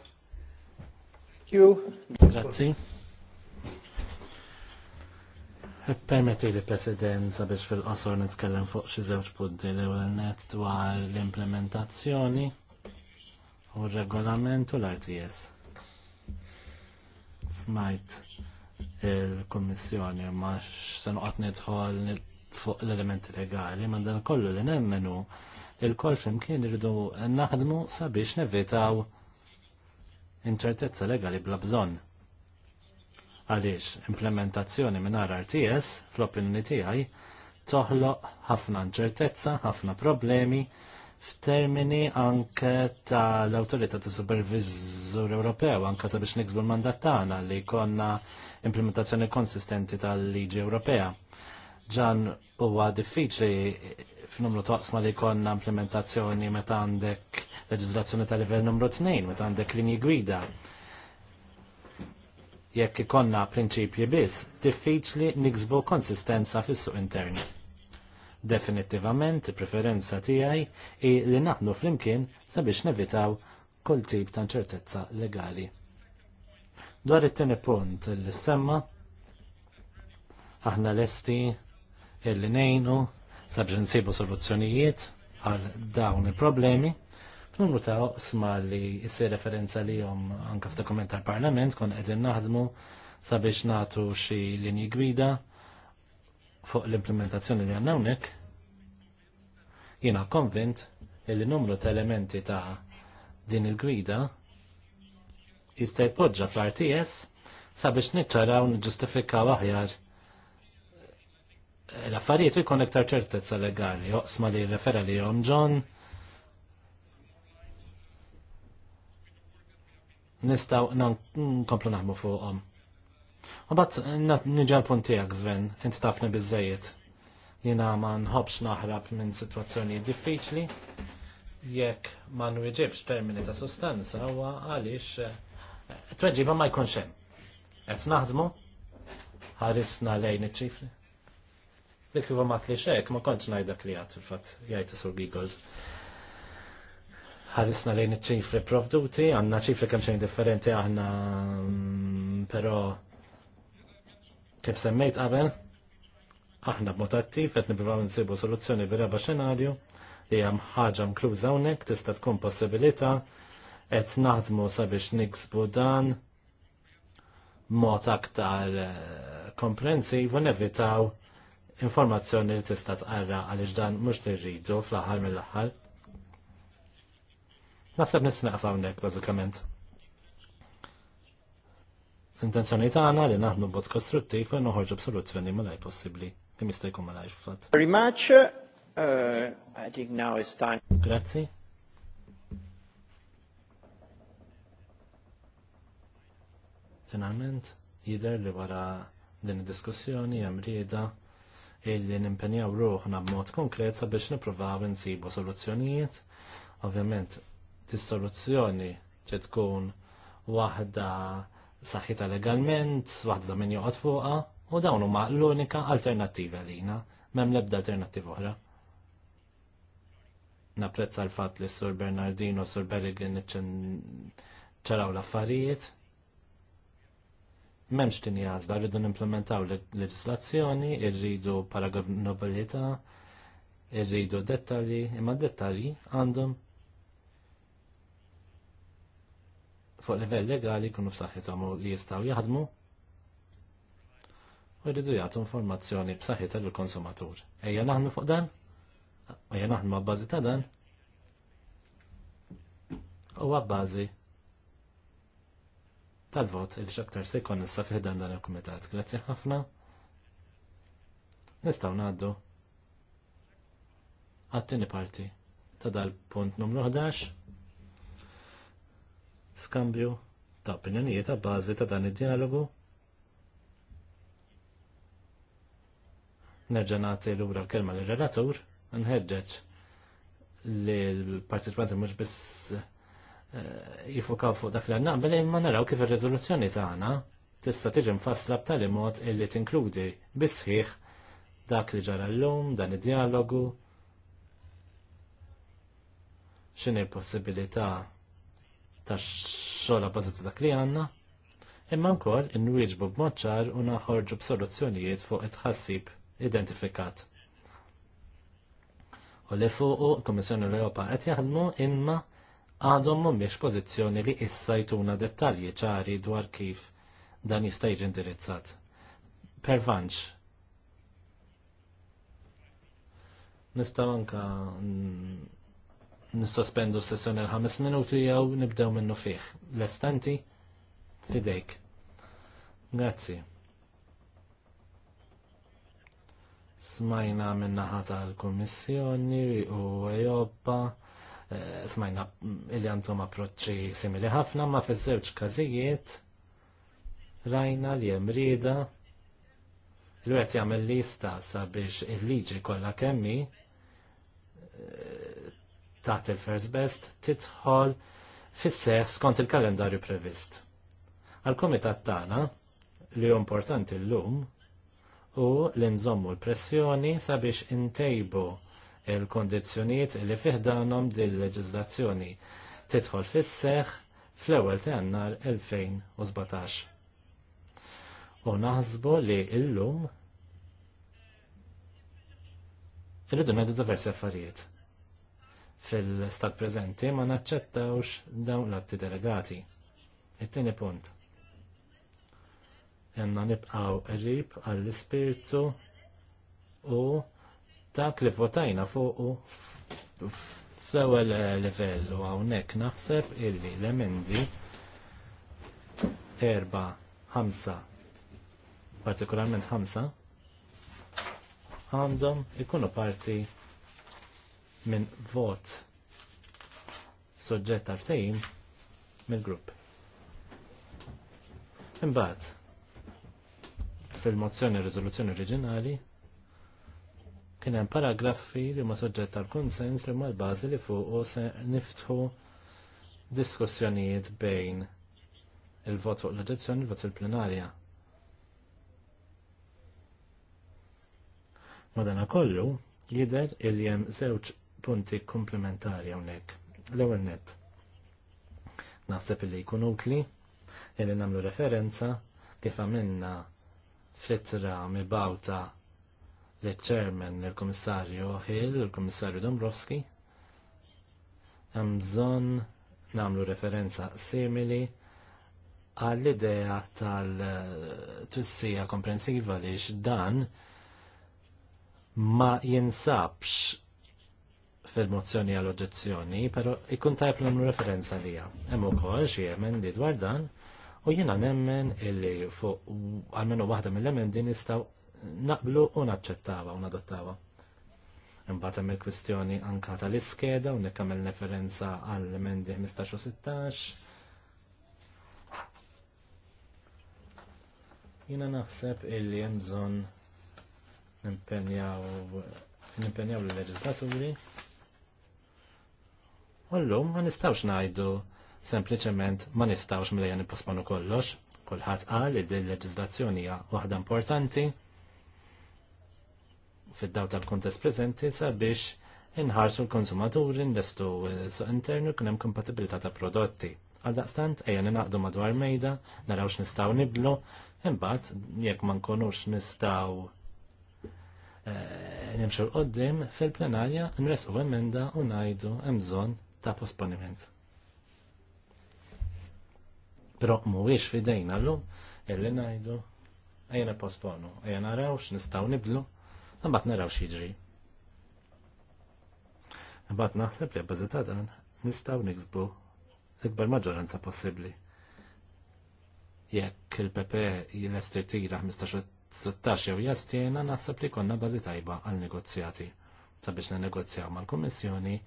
Grazzi. Permetti li President sabiex fil-qosor nitkellem fuq xi żewġ punti l ewwel net dwar l-implementazzjoni u r-regolament u l-RTS. Smajt il-Kommissjoni ma x'san noqgħod nidħol fuq l-elementi legali, ma dan kollu li nemmenu il-kol flimkien irridu naħdmu sabiex nevitaw inċertezza legali bla bżonn għaliex implementazzjoni minn RTS fl-opinjoni tiegħi toħloq ħafna ċertezza, ħafna problemi f'termini anke tal-Awtorità ta' Supervizur Ewropew, anke sabiex niksbu l-mandat tagħna li konna implementazzjoni konsistenti tal-Liġi Ewropea. Ġan huwa diffiċli f'numru toqsma li konna implementazzjoni meta għandek leġiżlazzjoni tal-livell numru 2, meta għandek linji gwida jekk ikonna prinċipji biss, diffiċli niksbu konsistenza fis-suq intern. Definittivament, preferenza tiegħi i li naħdmu flimkien sabiex nevitaw kull tip ta' ċertezza legali. Dwar it-tieni punt li semma aħna lesti illi ngħinu sabiex nsibu soluzzjonijiet għal dawn il-problemi Numru ta' sma li jisir referenza li jom anka f'dokument tal-Parlament kon edin naħdmu sabiex natu xi linji gwida fuq l-implementazzjoni li unik. Jina konvint li numru ta' elementi ta' din il-gwida jista' jpoġġa fl-RTS sabiex niċċaraw niġġustifikaw aħjar l-affarijiet u jkun iktar ċertezza legali, joqsma li referali li jom John, nistaw nkomplu naħmu fuqhom. U bat niġa l-puntijak, Zven, inti tafni bizzejiet. Jina ma nħobx naħrab minn situazzjoni diffiċli, jekk ma nwieġibx termini ta' sostanza, u għalix tweġiba ma jkunx hemm. Qed naħdmu, ħarisna lejn iċ-ċifri. Dik huwa ma tlix ma kontx ngħidak li għad fil-fatt jgħid isur Giggles ħarisna lejn iċ-ċifri provduti, għandna ċifri kemm xejn differenti aħna mm, però kif semmejt qabel, aħna mod attiv qed nippruvaw nsibu soluzzjoni bir-reba' xenarju li hemm ħaġa mkluza hawnhekk tista' tkun possibilità qed naħdmu sabiex nixbu dan mod aktar eh, komprensiv u nevitaw informazzjoni li tista' tqarra għaliex dan mhux nirridu fl-aħħar mill-aħħar. Nasab nisnaq hawnhekk bażikament. Intenzjoni għana li naħdmu bot kostruttiv u noħorġu b'soluzzjoni malaj possibbli kemm jista' jkun malaj fatt. Very much. Uh, I think now it's time. Grazzi. Finalment, jidher li wara din id-diskussjoni hemm rida illi nimpenjaw ruħna b'mod konkret sabiex nippruvaw nsibu soluzzjonijiet. Ovvjament, tis-soluzzjoni ġe tkun waħda saħħita legalment, waħda min joqgħod fuqha, u dawn huma l-unika alternattiva lina, m'hemm l-ebda alternattiva oħra. Napprezza l-fatt li Sur Bernardino Sur Berrigan ċaraw l-affarijiet. M'hemmx din għażla, rridu nimplementaw leġislazzjoni, irridu paragonabilità, irridu dettalji, imma dettalji għandhom fuq livell legali jkunu b'saħħithom li jistgħu jaħdmu u jridu jagħtu informazzjoni b'saħħitha lill konsumatur Ejja naħdmu fuq dan? Ejja naħdmu għabbażi ta' dan? U għabbażi tal-vot il xaktar se jkun issa fiħdan dan il-kumitat. Grazzi ħafna. Nistgħu ngħaddu għat-tieni parti ta' dal-punt numru 11 skambju ta' opinjonijiet ta' bażi ta' dan id-dialogu. Nerġa' nagħti lura l-kelma lir-relatur nħeġġeġ li l-partiċipanti mhux biss eh, jifukaw fuq dak li għanna, bel ma naraw kif ir-riżoluzzjoni tagħna tista' tiġi mfassla b'tali mod illi tinkludi bisħiħ dak li ġara l-lum, dan id-dialogu, x'inhi possibilità tax xola bazzata dak li għanna, imma wkoll inwieġbu b'mod ċar u naħorġu b'soluzzjonijiet fuq it-ħassib identifikat. U li fuq Komissjoni l-Ewropa qed jaħdmu imma għadhom mhumiex pożizzjoni li issa jtuna dettalji ċari dwar kif dan jista' jiġi indirizzat. Pervanċ, Nistaw anka nissospendu s-sessjoni l-5 minuti jew nibdew minnu fih. L-estanti fidejk. Grazzi. Smajna ħata tal-Kummissjoni u Ejobba, eh, smajna il għandhom approċċi simili ħafna ma fizzewċ kazijiet. każijiet rajna li hemm l-għet jagħmel lista sabiex il-liġi kollha kemmi eh, taħt il-first best titħol fis-seħ skont il-kalendarju previst. Għal-komitat tagħna li importanti l-lum u li nżommu l-pressjoni sabiex intejbu il-kondizjoniet li fiħdanom din leġizlazzjoni titħol fis-seħ fl-ewwel ta' jannar 2017. U naħsbu li llum irridu ngħidu diversi affarijiet fil-stat prezenti ma naċċettawx dawn l-atti delegati. It-tieni punt. Jenna nibqaw qrib għall-ispirtu u dak li votajna fuqu fl-ewwel livell u hawnhekk naħseb illi l-emendi erba' ħamsa partikolarment ħamsa għandhom ikunu parti minn vot soġġett għal mill-grupp. Imbagħad, fil-mozzjoni riżoluzzjoni oriġinali kien hemm paragrafi li ma soġġett tal konsens li ma l-bażi li fuq se niftħu diskussjonijiet bejn il-vot fuq l-oġġezzjoni il-vot fil-plenarja. Madana kollu, jider il-jem zewċ punti komplementari hawnhekk. L-ewwel nett. Naħseb li jkun utli jelli nagħmlu referenza kif għamilna fittra mibawta l chairman il-Komissarju Hill, il-Komissarju Dombrovski. Hemm bżonn nagħmlu referenza simili għall-idea tal-twissija komprensiva li x'dan ma jinsabx fil-mozzjoni għal oġġezzjoni, pero ikun tajb l referenza lija. Hemm ukoll xi emendi dwar dan u jiena nemmen illi fuq għalmenu waħda mill-emendi nistgħu naqblu u naċċettawha u nadottawha. Imbagħad hemm il-kwistjoni anka tal-iskeda u hemm referenza għall emendi 15 u 16. Jiena naħseb illi hemm bżonn nimpenjaw nimpenjaw l-leġislaturi U ma nistgħux ngħidu sempliċement ma nistgħux milejja nipposponu kollox. Kulħadd qal li din leġizlazzjoni hija waħda importanti fid-daw tal-kontest preżenti sabiex inħarsu l-konsumaturi, investu su internu kien hemm kompatibilità ta' prodotti. Għal daqstant ejja ninaqdu madwar mejda, naraw x'nistgħu niblu, imbagħad jekk ma nkunux nistgħu eh, nimxu l-qoddim fil-plenarja nresqu emenda u ngħidu hemm bżonn ta' posponiment. Pero mhuwiex fidejna llum illi ngħidu għajna posponu, għajna naraw nistaw niblu, għabat naraw x'jiġri. Għabat naħseb li bbażita dan nistgħu niksbu l-ikbar maġġoranza possibbli. Jekk il-PP jilester tira 15-16 jew jastiena naħseb li konna bażi tajba għal negozjati sabiex negozjaw mal komissjoni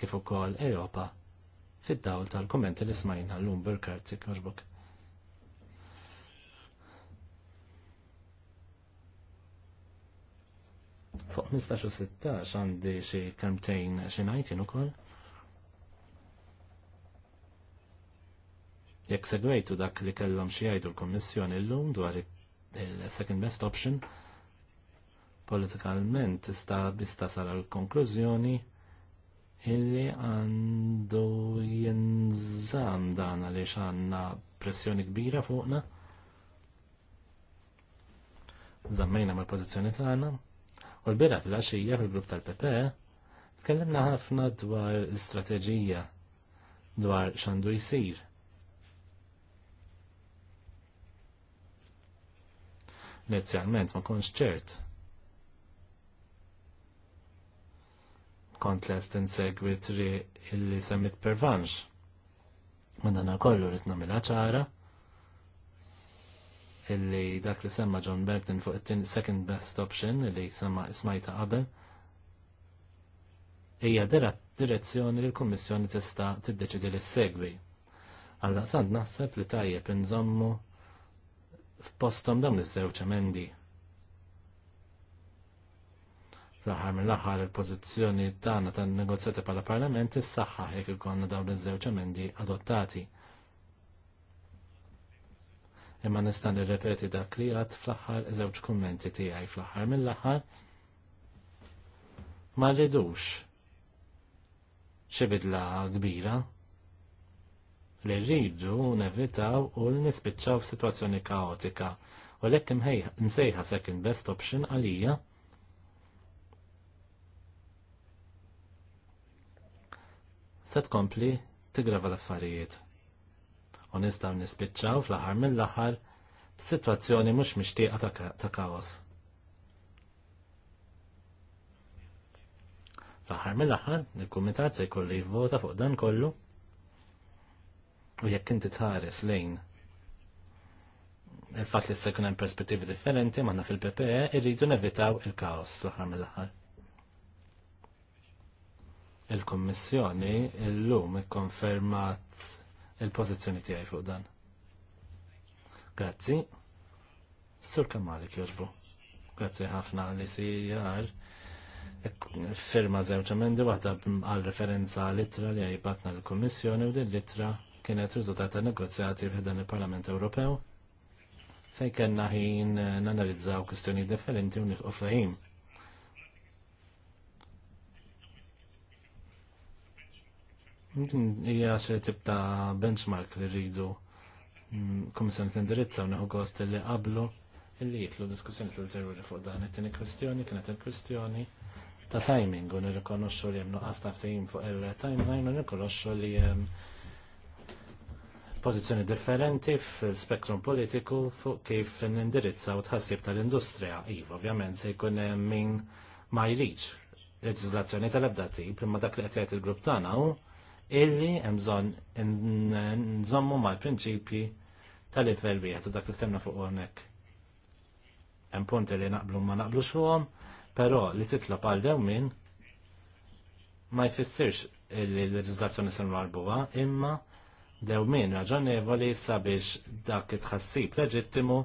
kif ukoll Ejopa fid-dawl tal-kommenti li smajna l-lum Burkhardt Korbuk. Fuq 15-16 għandi xie kamtejn xie najtin u koll. Jek segwejtu dak li kellom xie għajdu l-Kommissjoni l-lum dwar il-second best option, politikalment tista' bista sal l-konklużjoni illi għandu jenżam dan għaliex għandna pressjoni kbira fuqna. Zammejna mal pożizzjoni tagħna. U l-bira fil-għaxija fil-grupp tal-PP e, tkellimna ħafna dwar l-istrateġija dwar xandu jisir. Inizjalment ma konx ċert kont lest insegwi tri illi semmit pervanx. Mandana kollu ritna mela ċara illi dak li semma John Burton fuq it-second best option illi semma smajta qabel dera direzzjoni li l-Kummissjoni tista' tiddeċidi li segwi. Għal naħseb li tajjeb inżommu f'postom dawn iż-żewġ emendi fl-aħħar mill-aħħar il-pożizzjoni tagħna tan-negozjati bħala Parlament is-saħħa jekk ikonna dawn iż-żewġ emendi adottati. Imma nista' nirrepeti dak li għad fl-aħħar żewġ kummenti tiegħi fl-aħħar mill-aħħar ma rridux xi bidla kbira li rridu nevitaw u nispiċċaw f'sitwazzjoni kaotika u lekk imħejħa nsejħa second best option għalija se tkompli tigrava l-affarijiet. U nistgħu nispiċċaw fl-aħħar mill-aħħar b'sitwazzjoni mhux mixtieqa ta' kaos. Fl-aħħar mill-aħħar, il-kumitat se jkollu jivvota fuq dan kollu u jekk inti tħares lejn il-fat li s sekunem perspettivi differenti manna fil-PPE irridu nevitaw il-kaos fl ħar mill-ħar. Il-Kommissjoni illum ikkonfermat il-pożizzjoni tiegħi fuq dan. Grazzi. Sur Kamali jogħġbu. Grazzi ħafna li sijar firma zewċ emendi waħda għal referenza litra li għajbatna l-Kommissjoni u din litra kienet riżultat ta' negozjati f'dan il-Parlament Ewropew fejn kellna ħin nanalizzaw kwistjoni differenti u nilqu fehim Ija xe tip ta' benchmark li rridu mm, komissjoni t-indirizza unneħu għost li qablu illi jitlu diskussjoni ulterjuri fuq dan it-tini kwestjoni kienet il-kwestjoni ta' timing u nirrikonoxxu li hemm nuqqas taftajim fuq il-timeline u nirrikonoxxu li jem pożizzjoni differenti fil-spektrum politiku fuq kif nindirizza u tħassib tal-industrija. Iv, ovvjament se jkun hemm min ma jridx leġiżlazzjoni tal-ebda tip imma dak li qed il-grupp tagħna hu illi hemm bżonn nżommu mal-prinċipji tal-livell wieħed u dak li ftemna fuq hawnhekk. Hemm punti li naqblu ma naqblux fuqhom, però li titlob għal dewmin ma jfissirx illi l leġizlazzjoni se marbuwa imma dewmin raġonevoli sabiex dak it-tħassib leġittimu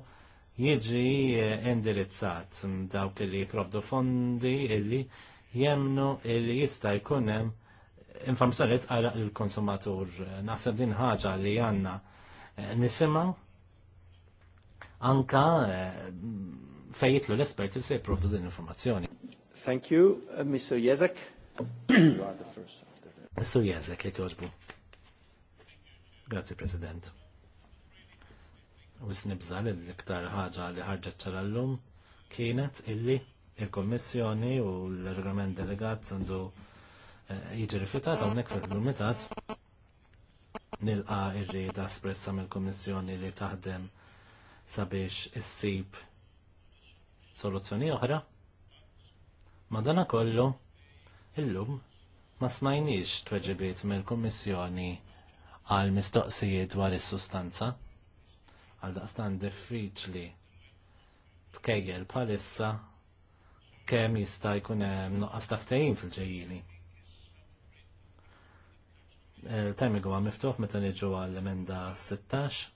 jiġi eh, indirizzat dawk li jiprovdu fondi illi jemnu illi jista' jkun hemm informazzjoni tqaraq l konsumatur Naħseb din ħaġa li għanna eh, nisima anka eh, fejjitlu l espert li se jipprovdu din l-informazzjoni. Thank you, uh, Mr. Jezek. Mr. Jezek, jek joġbu. Grazie, President. Wis nibżal li l-iktar ħaġa li ħarġet ċarallum kienet illi il-Kommissjoni u l-Regolament Delegat għandu Eh, jiġi rifjutat hawnhekk fil-kumitat nilqa ir-rieda espressa mill-Kummissjoni li taħdem sabiex issib soluzzjoni oħra. dana kollu illum ma smajniex tweġibiet mill-Kummissjoni għal mistoqsijiet dwar is-sustanza għal daqstan diffiċli tkejjel bħalissa kemm jista' jkun hemm noqqas taftejjin fil-ġejjini. Eh, Tajmi għu għamiftuħ, meta niġu għall-emenda 16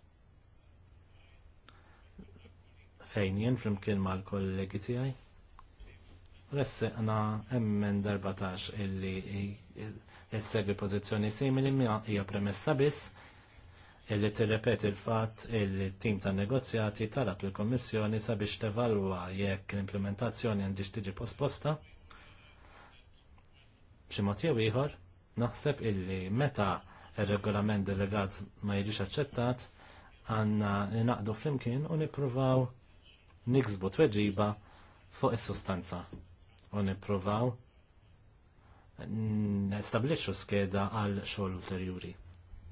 fejn jien flimkien mal-kollegi tiegħi. Ressi għana emmen 14 illi jessegwi pozizjoni simili mija hija premessa biss illi tirrepeti il-fatt illi tim ta' negozjati talab il komissjoni sabiex tevalwa jekk l-implementazzjoni għandix tiġi posposta. B'xi mod jew ieħor, Naħseb illi meta il-regolament delegat ma jiġix aċċettat, għanna naqdu flimkien u nipruvaw niksbu tweġiba fuq is-sustanza u nipruvaw nestabliċu skeda għal xogħol ulterjuri.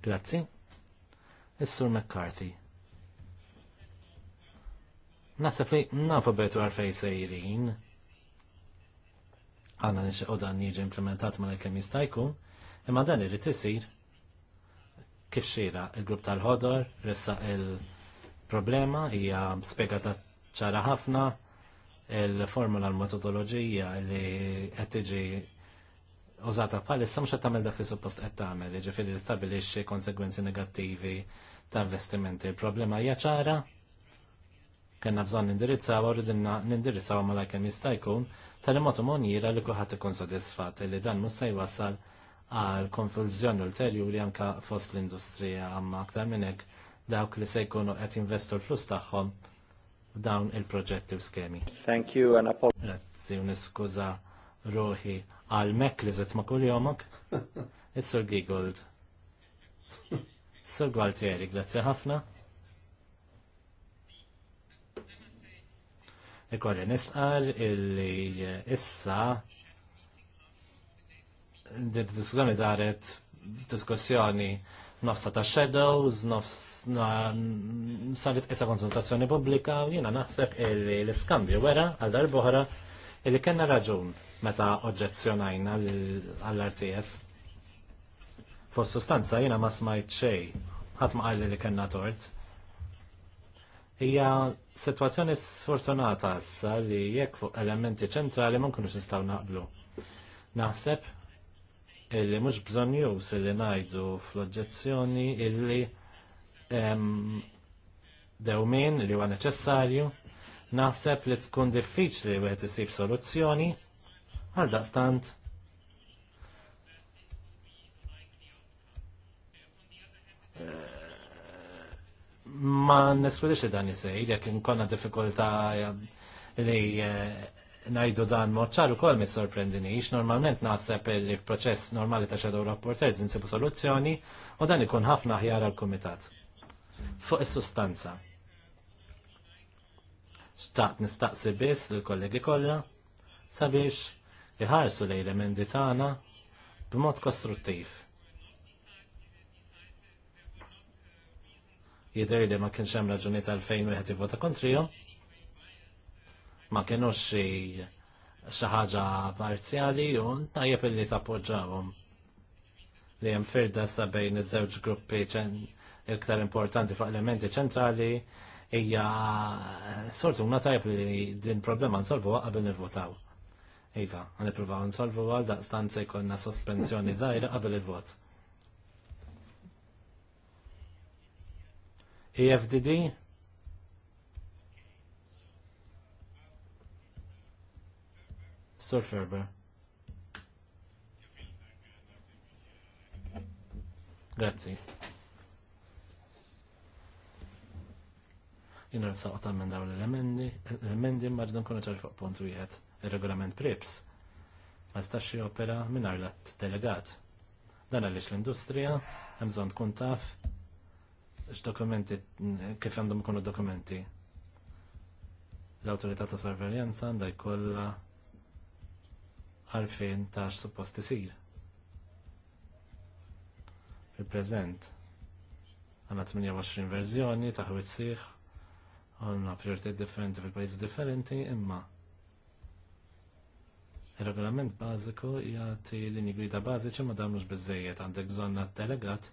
Grazzi. Is-Sur McCarthy. Naħseb li nafu betu għarfej sejrin. Għanna nixqodan jiġi implementat ma l-kem Imma dan irrid isir kif xira il-grupp tal-ħodor ressa il-problema hija spiegata ċara ħafna il-formula l-metodoloġija li qed tiġi użata bħalissa mhux qed tagħmel dak li suppost qed tagħmel, jiġifieri stabilixxi konsegwenzi negattivi ta' investimenti. Il-problema hija ċara kena bżon nindirizzaw u rridinna nindirizzaw ma lajkem jista' jkun tal-imot monjira li kuħat ikun sodisfat li dan mhux se jwassal għal konfuzjoni li anka fost l-industrija għamma aktar minnek dawk li se jkunu qed investu l-flus tagħhom f'dawn il-proġetti u skemi. Thank you and apologize. Grazzi u niskuża ruħi għal mek li zet ma kuljomok. Is-Sur Gigold. Sur Gualtieri, grazzi ħafna. Ikolli nisqar illi issa diskussjoni daret diskussjoni nofsa ta' shadows, nofsa saret konsultazzjoni pubblika u jina naħseb l-iskambju wera għal darbohra illi kena raġun meta oġġezzjonajna għall-RTS. Fos sustanza jina ma smajt xej, ħat ma għalli li kena tort. Hija situazzjoni sfortunata issa li jekk fuq elementi ċentrali ma nkunux nistgħu naqblu. Naħseb illi mhux bżonn jus illi ngħidu fl-oġġezzjoni illi dewmin li huwa neċessarju naħseb li tkun diffiċli wieħed isib soluzzjoni għal daqstant eh, ma neswilix dan jisej, jek nkonna diffikulta li eh, najdu dan moċċar u kol mi ix normalment naħseb li f'proċess normali ta' xedow rapporters insibu soluzzjoni u dan ikun ħafna ħjar għal kumitat Fuq is-sustanza. Xtaqt nistaqsi biss l-kollegi kollha sabiex iħarsu lejn l-emendi tagħna b'mod kostruttiv. Jidher li ma kienx hemm raġuni tal-fejn wieħed ivvota kontrihom, ma kienux xi ħaġa parzjali u tajjeb illi tappoġġawhom li hemm firda sa bejn iż-żewġ gruppi iktar importanti fuq elementi ċentrali hija sortu ma tajb li din problema nsolvu qabel nivvotaw. Iva, nippruvaw nsolvu għal daqstanza jkollna sospensjoni żgħira qabel il-vot. EFDD Sur Ferber. Grazzi. Jina l-saqta minn daw l-elementi, ma rridu nkunu ċar fuq punt wieħed, il-regolament PRIPS. Ma stax opera minn arlat delegat. Dan għaliex l-industrija, hemmżon tkun taf x-dokumenti, kif għandhom kunu dokumenti. l autorita ta' sorveljanza għandha jkollha għalfejn tax suppost isir. Fil-preżent għanna 28 verżjoni ta' ħwitsiħ għanna prioritet differenti fil-pajjiżi differenti imma Il-regolament bażiku jagħti linji gwida bażiċi ma damlux bizzejiet għandek zonna delegat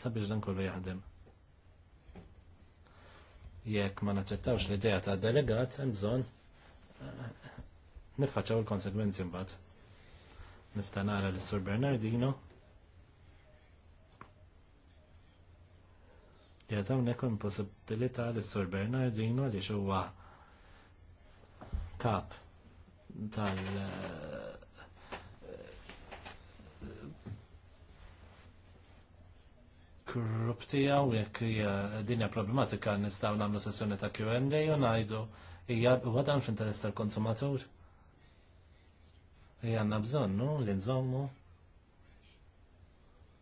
sabiex dan kollu jaħdem. Jekk ma naċċettawx l-idea ta' delegat hemm bżonn eh, niffaċċaw il-konsekwenzi mbagħad. Nista' nara l sur Bernardino. Ja dawn hekk possibilità l sur Bernardino li xuwa kap tal eh, u jekk hija dinja problematika nistgħu nagħmlu sessjoni ta' Q&A u ngħidu hija u għadan f'interess tal-konsumatur? li għanna no? li nżommu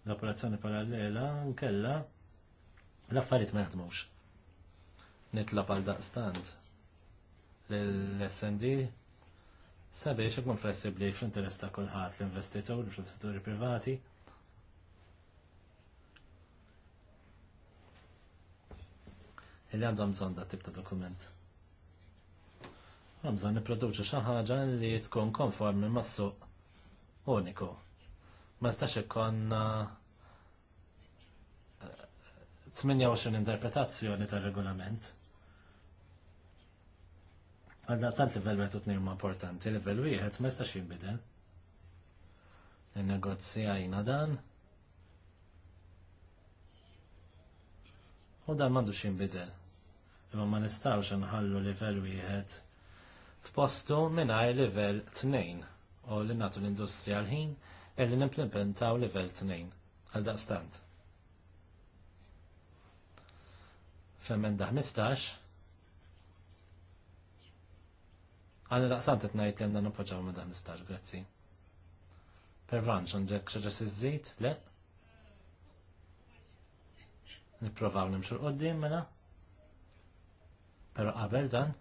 l-operazzjoni parallela nkella l-affarijiet ma jaħdmux. Nitlob għal daqstant l-SND sabiex ikun flessibli fl-interess ta' kulħadd l-investitur, l-investituri privati. Illi għandhom bżonn dat tip ta' dokument għamżan niproduċu xaħġa ħaġa li tkun konformi mas-suq uniku. Ma stax ikkon 28 interpretazzjoni tar-regolament. Għadna stant livell wieħed t-nirma importanti, livell wieħed ma jistax jinbidel. Innegozjajna dan. U dan m'għandux jinbidel. Imma ma nistgħux nħallu livell wieħed f'postu mingħajr livell 2 u li nagħtu l-industrija l-ħin illi nimplementaw livell 2 għal daqstant. F'emenda daħmistax? għalli daqstant t-najt li għandan upoġaw ma dan istax, grazzi. vanċ, għandek xaġa s-zid, le? Niprofaw nimxur l mela? Pero qabel dan?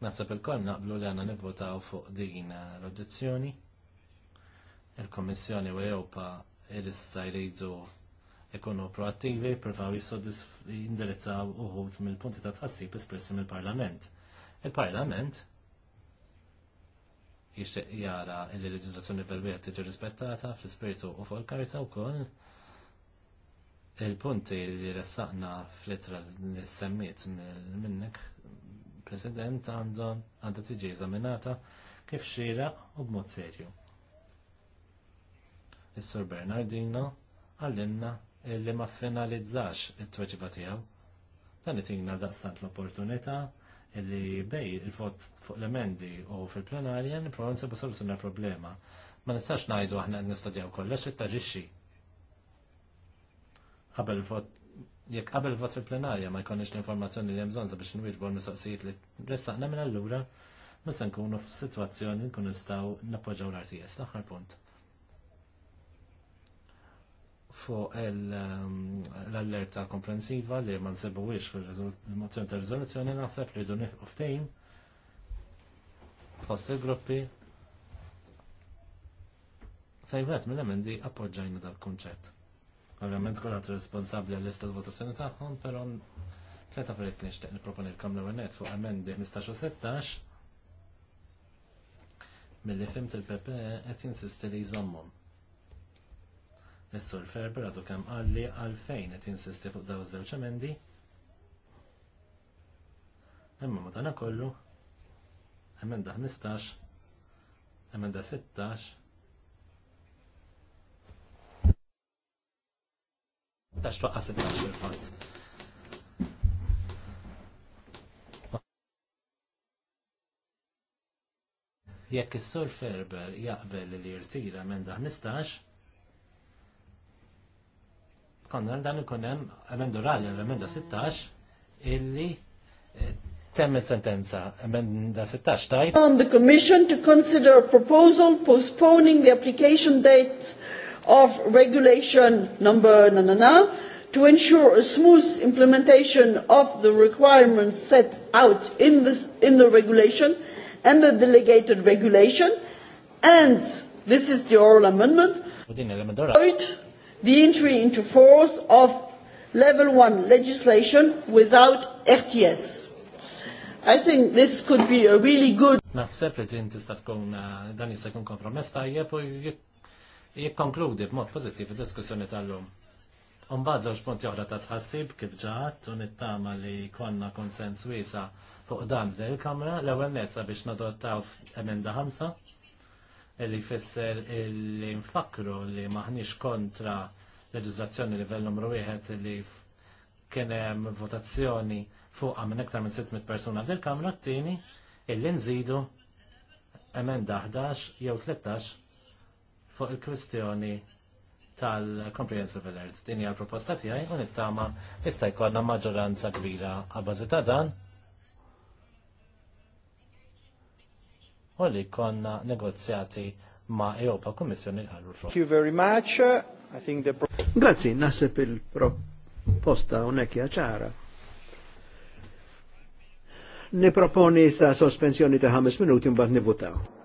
Nasab il-koll naqblu li għanna nivvotaw fuq din l-audizzjoni. Il-Komissjoni u Ewpa il jridu ikunu proattivi jisodis jindirizzaw uħut mill-punti ta' tħassib espressi mill-Parlament. Il-Parlament jixtieq jara li l-leġiżlazzjoni verbiet tiġi rispettata fl-ispirtu u fuq il-karta wkoll il-punti li ressaqna fl-ittra li semmiet minnek President għandhom għandha tiġi eżaminata kif xira u b'mod serju. Is-Sur Bernardino għallinna li ma finalizzax it-tweġiba tiegħu. Dan itina daqstant l-opportunità li bej il-vot fuq l-emendi u fil-plenarja nipprova nsibu soluzzjoni problema. Ma nistax ngħidu aħna nistudjaw kollox it-taġixxi qabel vot jekk qabel vot fil-plenarja ma jkollniex l-informazzjoni li hemm biex nwieġbu l-mistoqsijiet li ressaqna minn mela allura ma nkunu f'sitwazzjoni nkun nistgħu nappoġġaw l-RTS l-aħħar punt. Fuq um, l-allerta komprensiva li ma nsebuwiex fil-mozzjoni ta' riżoluzzjoni naħseb li jdu nieħu ftehim fost il-gruppi fejn wieħed minn emendi appoġġajna dal-kunċett. Ovvjament kulħadd responsabbli għall-lista l-votazzjoni tagħhom, però tleta affarijiet li nixtieq nipproponi l-Kamra fuq emendi 15 16 16 milli fimt il-PP e qed jinsisti li jżommhom. is Ferber għadu kemm għalli għalfejn qed jinsisti fuq daw iż-żewġ emendi. Imma madana kollu emenda 15, emenda 16, tax twaqqas il-tax fil fat Jekk is-sur Ferber jaqbel li jirtira minn daħ nistax, konna dan ikun hemm rali orali emenda 16 illi eh, temmet sentenza, emenda 16 tajt. On the Commission to consider a proposal postponing the application date of regulation number na, na, na, to ensure a smooth implementation of the requirements set out in, this, in the regulation and the delegated regulation and this is the oral amendment avoid the entry into force of level one legislation without RTS. I think this could be a really good li tkun eh, dan jikkonkludi b'mod pożittiv id-diskussjoni tal-lum. Umbad żewġ punti oħra ta' tħassib kif ġaħat u nittama li konna konsens wiesa fuq dan il kamra l-ewwel nezza biex nadottaw emenda ħamsa li jfisser li nfakru li maħniex kontra leġiżlazzjoni livell numru wieħed li kien hemm votazzjoni fuqha minn iktar minn 600 persuna il kamra t-tieni illi nżidu emenda 11 jew 13 fuq il-kwestjoni tal-Comprehensive Alert. Din hija l-proposta tiegħi u nittama jista' jkollna maġġoranza kbira għabbażi ta' dan. U li konna negozjati ma' Eopa Kommissjoni l-ħarru Thank you very much. I think the Grazzi, nasib il-proposta unekja ċara. proponi sa' sospensjoni ta' 5 minuti mbagħad nivutaw.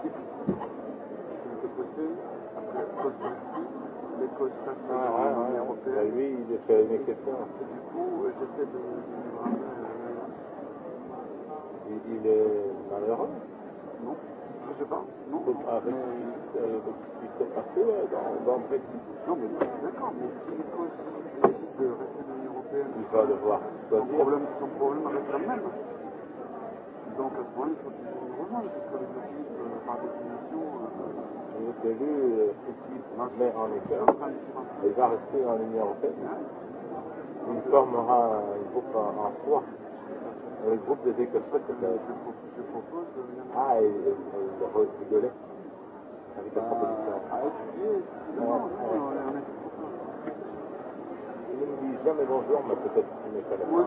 il est Du coup, de Il, est malheureux Non, je sais pas. Non. Avec mais... ce qui s'est passé dans, le Brexit. Non, mais d'accord, mais si l'Écosse décide de rester dans l'Union Européenne, il va devoir son problème, son problème reste le même. Donc à ce moment-là, il faut qu'il rejoignent, parce que les par définition, euh, il est élu euh, maire en Écosse. Il va rester en Union européenne. Il formera un groupe en, en soi. Le groupe des Écossais. Je, je propose de venir. Ah, il, il, il rigolait. Avec la proposition. À étudier, Il ne me dit jamais bonjour, mais peut-être qu'il n'est pas là.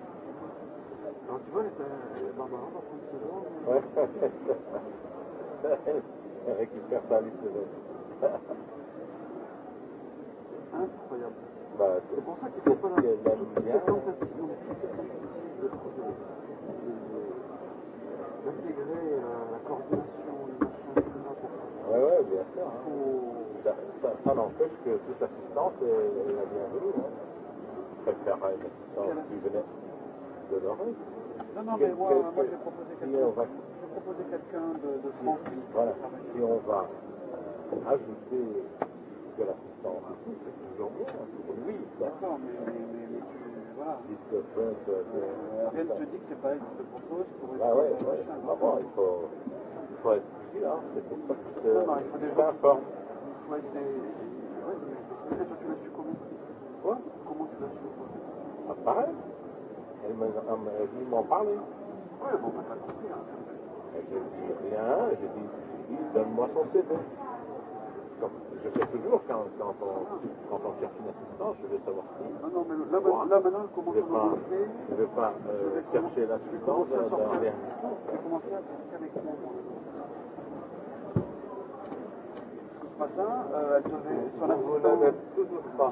Incroyable. Bah, c'est pour ça qu'il faut pas la... D'intégrer la coordination, les machins, Ouais, ouais, bien sûr. Hein. Faut... Ça, ça, n'empêche que toute assistance est la bienvenue. Non, non, mais moi, moi j'ai proposé quelqu'un de, France. voilà, si on va euh, ajouter de l'assistance à c'est toujours bien. Oui, d'accord, mais, tu, voilà. il faut, être vigilant, c'est pour ça que non, non, il faut des gens, il faut être des... Ouais, mais c'est toi tu l'as su comment Quoi Comment tu l'as su Ah, pareil Ils m'ont parlé. Oui, vous me faites confiance. Je dis rien, je dis, donne-moi son CV. je fais toujours quand, on, cherche une assistance, je vais savoir je ne vais pas chercher l'assistance Ce matin, elle devait, son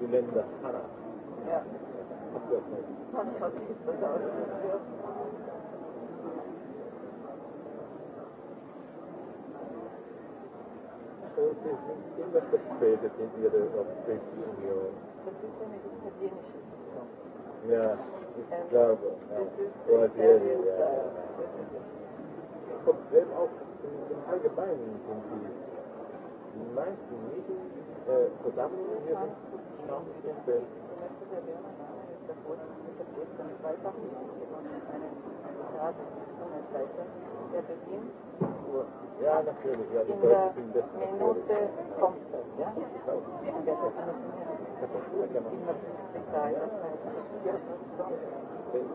Julenda Hara. So it is in the frustrated in the other of this studio. Yeah, it's terrible. Yeah. This is yeah, yeah. Problem auch im Allgemeinen sind die meisten Medien äh, zusammen hier sind Ja, natürlich, ja, die Deutschen sind kommt ja?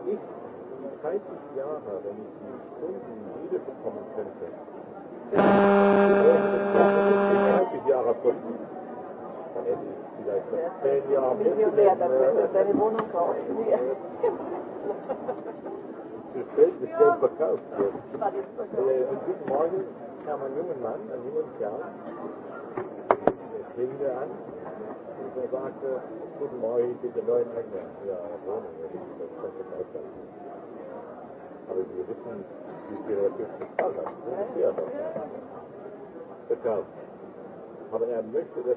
ich 30 Jahre, wenn ich die Stunden wiederbekommen könnte, 30 Jahre Stunden, Bestellt verkauft wird. Und guten Morgen kam ein junger Mann, ein junger Kerl, der klingelte an und er sagte, guten Morgen, ich bin der neue Eigner. Ja, Wohnung, das könnte ich sein. Aber wir wissen, wie viel er für bezahlt hat. Ja, doch. Verkauft. Aber er möchte, dass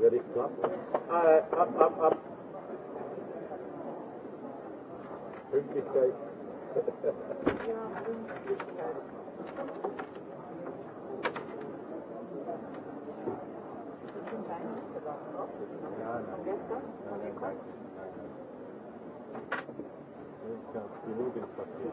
Very tough. Uh, up, up, up. Pünktlichkeit. ja, Pünktlichkeit. Genug im Papier.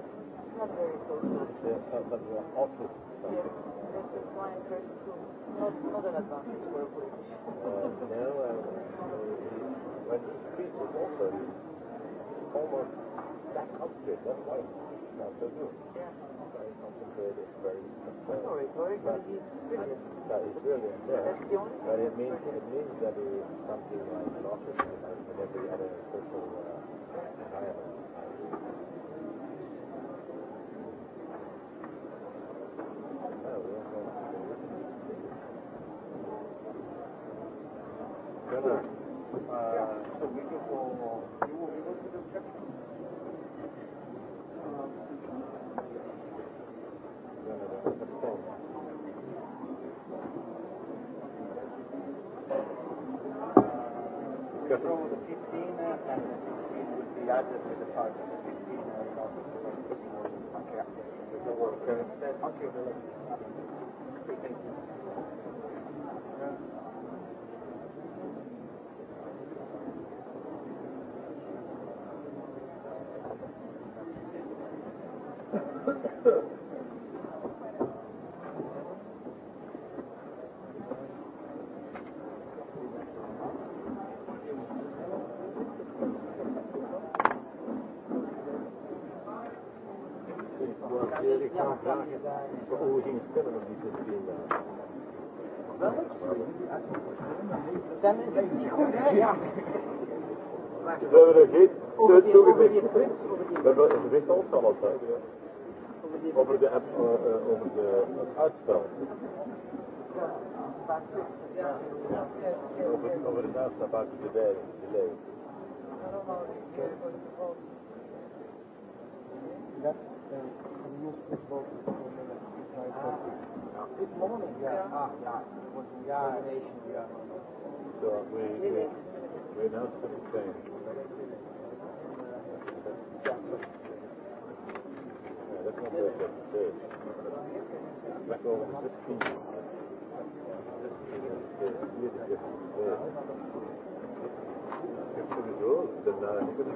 Yeah, Yes, that why I'm very close. Not, not an advantage Yeah. Very concentrated, very concerned. it means, it means that he is something like an office in every other Dan is het niet goed, hè? Ja. We hebben er geen steun toegezegd. We hebben Over de app, uh, uh, over de, het uitstel. Over, over het uitstel buiten de bergen, de leeuw. Dat, uh, used to vote for two minutes. It's nine thirty. This morning, yeah. yeah. Ah, yeah. It was in yeah. combination, yeah. So we, we, we announced the same. Yeah, that's not very good. Back over to 15. Fifteen is old, then I think it's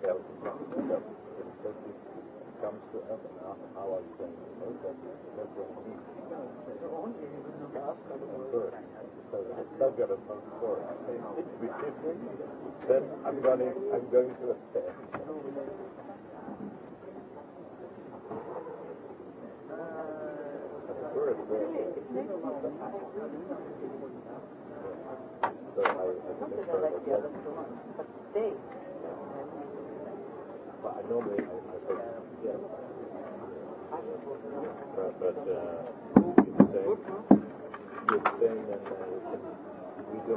there comes to us and how are you going to know that's what we need. So it's not going to come for us. then I'm going, I'm going to upstairs. So I, I But I normally, I, think, yeah. uh, it's the same. It's the same, and uh, we But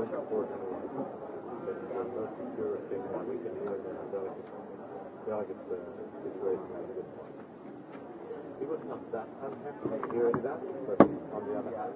there's no secure thing that we can do in a was not that unhappy hearing that, but on the other hand,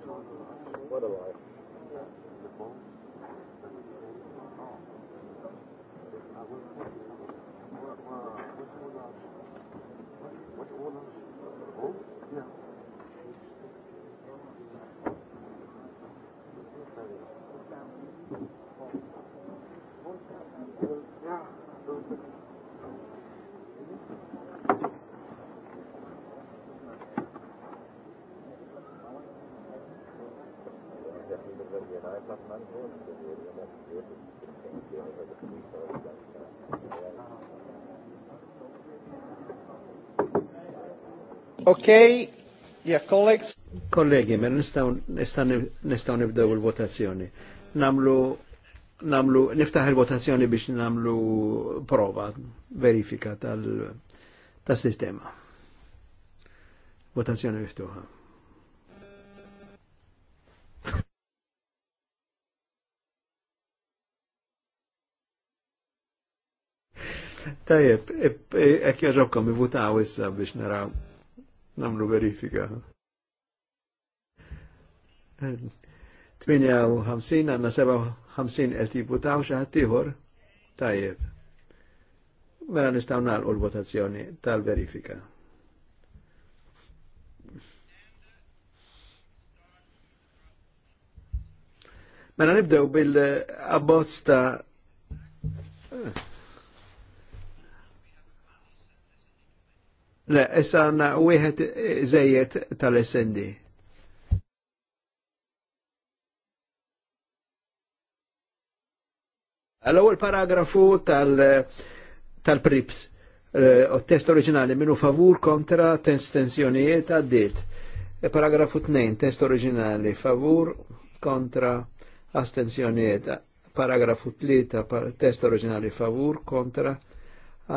What a life. What, what, what, what, Okay, yeah, colleagues. Kollegi, men nistaw nibdew il-votazzjoni. Namlu, namlu, niftaħ il-votazzjoni biex namlu prova, verifika tal-sistema. Votazzjoni miftuħa. Tajjeb, ek jaġobkom i votaw issa biex naraw namlu verifika. 58 għanna 57 qed jibutaw xi ħadd ieħor. Tajjeb. Mela nistgħu nagħlqu l-votazzjoni tal-verifika. Mela nibdew bil-abbozz ta' Le, issa għanna wieħed zejiet tal-SND. Għal-ewwel paragrafu tal-prips, tal eh, test oriġinali minu favur kontra tensjonijiet għaddit. E paragrafu 2, test oriġinali, favur kontra astensjonijiet. Paragrafu 3, test oriġinali, favur kontra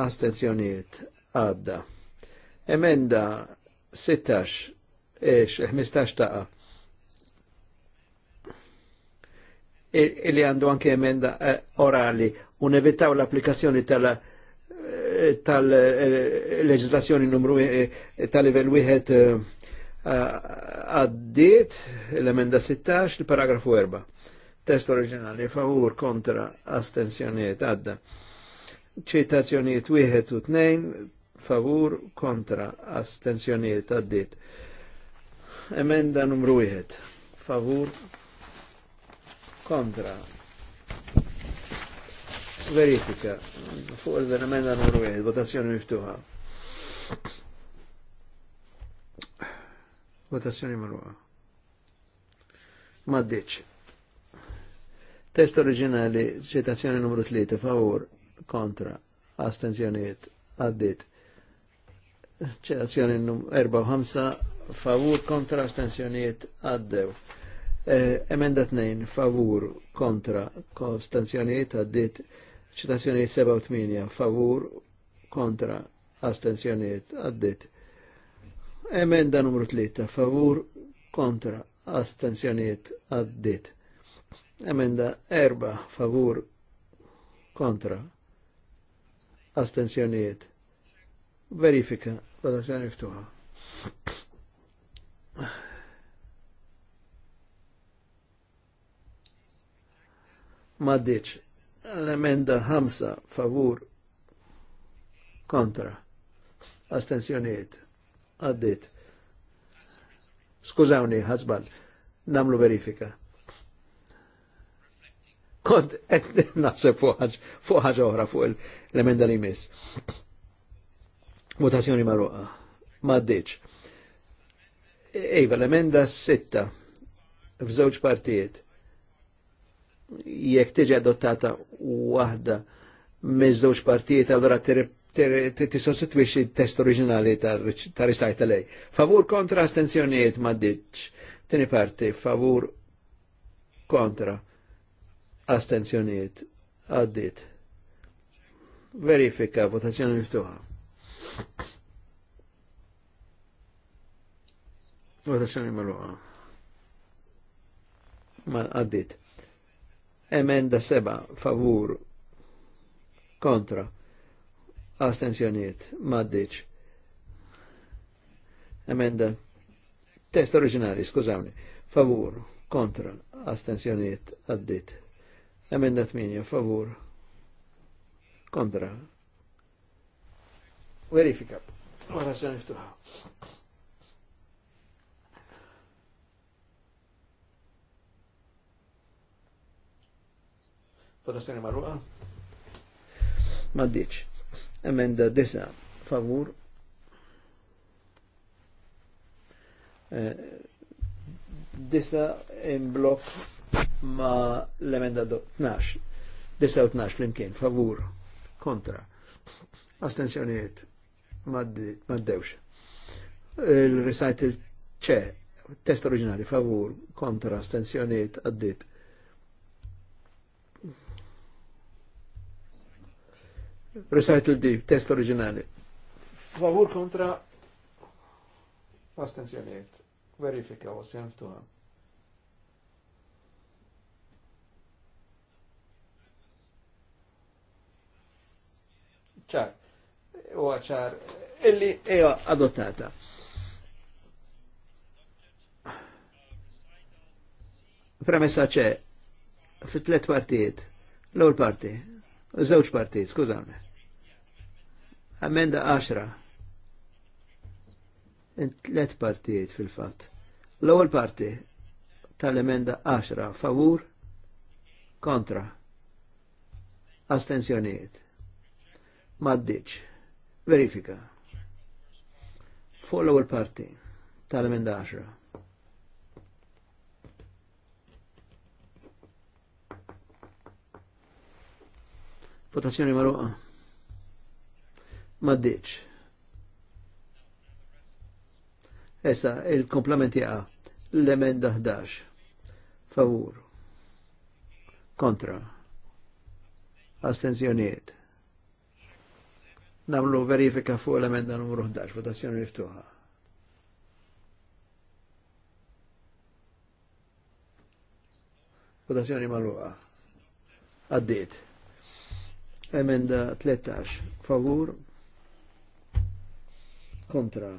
astensjonijiet. Għadda. Emenda 16, ex, 15 taqa. Illi għandu anke emenda eh, orali u nevitaw l-applikazzjoni tal- eh, tal-leġislazzjoni numru eh, tal-livell wieħed għaddiet l-emenda 16 il paragrafu 4. Test oriġinali favur kontra astensjoniet għadda. Ċitazzjoniet wieħed u tnejn favur kontra astensjoniet għaddit. Emenda numru jħed. Favur kontra. Verifika. Fuq l-emenda numru jħed. Votazzjoni miftuħa. Votazzjoni marruħa. Maddiċ. Test oriġinali, ċitazzjoni numru 3, favur, kontra, astenzjoniet, għaddit ċelazzjoni n num 4 5 favur kontra astensjonijiet għaddew. E, Emenda 2 favur kontra astensjonijiet għaddit ċitazzjonijiet 7 8 favur kontra astensjonijiet għaddit. Emenda numru 3 favur kontra astensjonijiet għaddit. Emenda 4 favur kontra astensjonijiet verifika Bada mela, Votazzjoni miftuħa. Maddiċ, l-emenda ħamsa favur kontra. Astenzjoniet. Għaddit. Skużawni, ħazbal. Namlu verifika. Kont, et naħseb fuħħaġ, fuħħaġ oħra fuq l-emenda li miss. Votazzjoni marruqa. Maddiċ. Ejva, l-emenda sitta f'żewġ partijiet. Jekk tiġi adottata waħda minn żewġ partijiet, allora tissostitwixi test oriġinali ta' risajta lej. Favur kontra astenzjonijiet maddiċ. Tieni parti, favur kontra astenzjonijiet għaddit. Verifika, votazzjoni miftuħa. Votazzjoni maluqa. Ma għaddit. Emenda seba, favur, kontra, astensjoniet, għaddit. Emenda, test oriġinali, skużawni, favur, kontra, astensjoniet, għaddit. Emenda tminja. favur, kontra, verifika. Wara se niftuħa. Votazzjoni marruqa? Ma Maddiċ. Emenda disa favur. Eh, disa in blok ma l-emenda 12. Disa u 12 flimkien favur. Kontra. Astenzjoniet maddewx. Il-recital ċe, test oriġinali, favur, kontra, astensjoniet, għaddit. Recital D, test oriġinali. Favur kontra astensjoniet. Verifika, għasjan tuħan. ċar u għacħar illi eja adottata. Premessa ċe, fit tlet partijiet, l-ewwel parti, żewġ partijiet, skużawni. Amenda 10. In tlet partijiet fil-fatt. L-ewwel parti tal-emenda 10 favur kontra Astensjoniet. Maddiċ. Verifika. Follow il parti tal-emenda 10. Votazzjoni marruqa. Maddiċ. Essa, il komplementi jaqa. L-emenda 11. Favur. Kontra. Astenzjoniet namlu verifika fuq l-emenda numru 11, votazzjoni miftuħa. Votazzjoni maluqa. Għaddit. Emenda 13, favur. Kontra.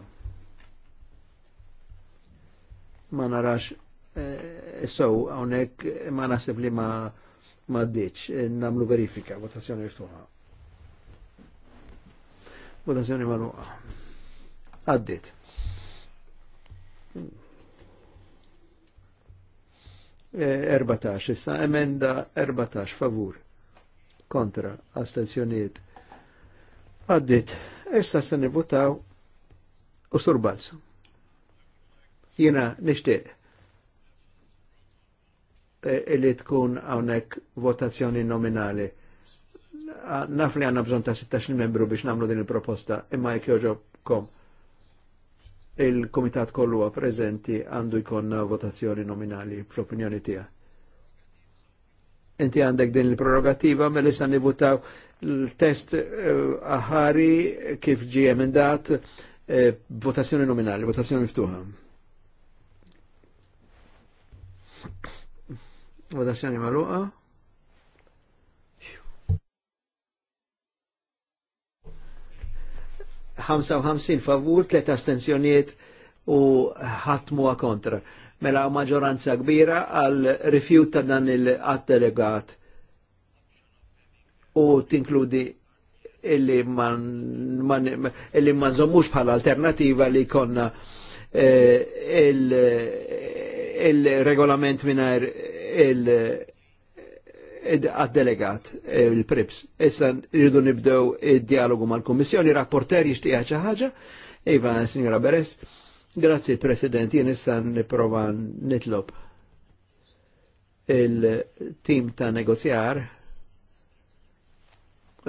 Ma narax, eh, so, għonek ma nasib li ma ma ddiċ, eh, namlu verifika, votazzjoni miftuħa. Votazzjoni maluqa. Għaddit. E, erbatax, issa emenda 14, favur. Kontra, astenzjoniet. Għaddit. Issa se nivutaw u surbalz. Jena nishtiq e, li tkun għonek votazzjoni nominali naf li għanna bżon ta' 16 membru biex namlu din il-proposta imma jek joġobkom il-komitat kollu prezenti għandu jkun votazzjoni nominali fl-opinjoni tija. Inti għandek din il-prerogativa li mela issa nivutaw l-test eh, aħari kif ġi emendat eh, votazzjoni nominali, votazzjoni miftuħa. Votazzjoni maluqa. 55 favur, 3 astensjoniet u ħatmu kontra. Mela maġoranza kbira għal rifjut ta' dan il għat delegat u tinkludi illi ma nżommux bħala alternativa li konna eh, il-regolament il minar il-, għad-delegat eh, il-prips. Issa rridu nibdew id-dialogu mal-Kommissjoni, rapporter jishtiqa xi ħaġa. Iva, signora Beres, grazzi President, jien issa nipprova nitlob il-tim ta' negozjar eh,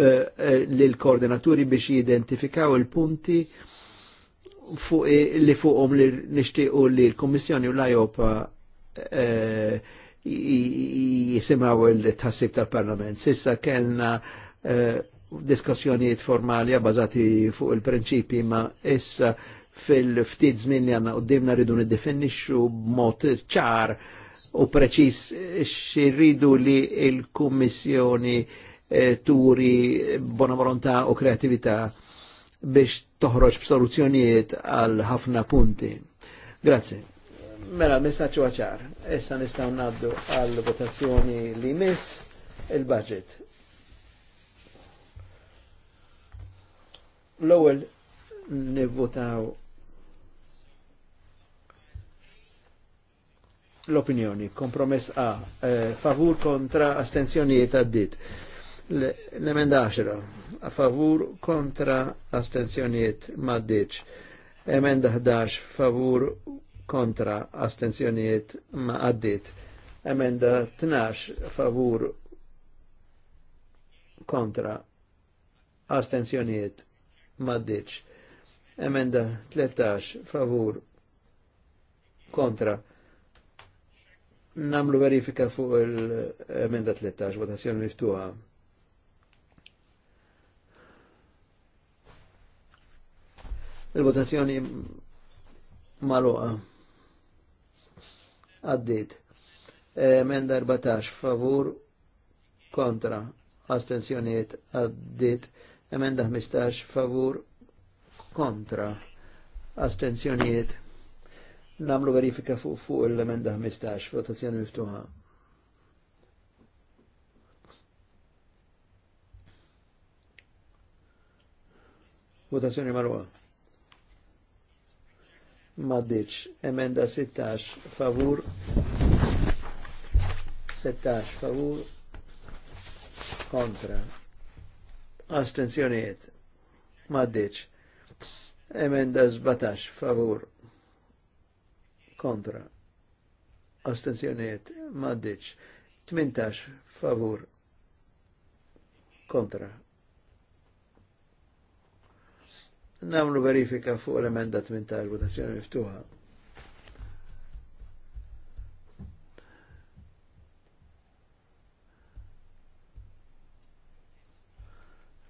eh, l-koordinaturi biex jidentifikaw il-punti li fuqhom li nixtiequ li l-Kommissjoni u l-Ajopa jisimaw il tassib tal-Parlament. Sissa kellna eh, diskussjonijiet formali bazati fuq il-prinċipi ma issa fil-ftit zmin li għanna dimna rridu niddefinixxu b'mod ċar u preċis xirridu li il-Kummissjoni eh, turi bona volontà u kreatività biex toħroġ b'soluzzjonijiet għal ħafna punti. Grazie. Mela, messaċu għaċar. Issa nistaw naddu għal votazzjoni li miss il-budget. L-ewwel nivvotaw l-opinjoni, kompromess A, eh, favur kontra astenzjonijiet għaddit. L-emenda 10, a favur kontra astenzjonijiet maddiċ. Emenda 11, favur kontra astenzjoniet ma għaddit. Emenda 12 favur kontra astenzjoniet ma għaddit. Emenda 13 favur kontra namlu verifika fuq il-emenda 13, votazzjoni miftuħa. Il-votazzjoni maluqa għaddit. Emenda 14 favur kontra astensjoniet għaddit. Emenda 15 favur kontra astensjoniet. Namlu verifika fuq fu l-emenda 15, votazzjoni miftuħa. Votazzjoni marwa maddiċ. Emenda 16 favur. 16 favur. Kontra. Astenzjoniet. Maddiċ. Emenda 17 favur. Kontra. Astenzjoniet. Maddiċ. 18 favur. Kontra Namlu verifika fuq l-emenda 18 votazzjoni miftuħa.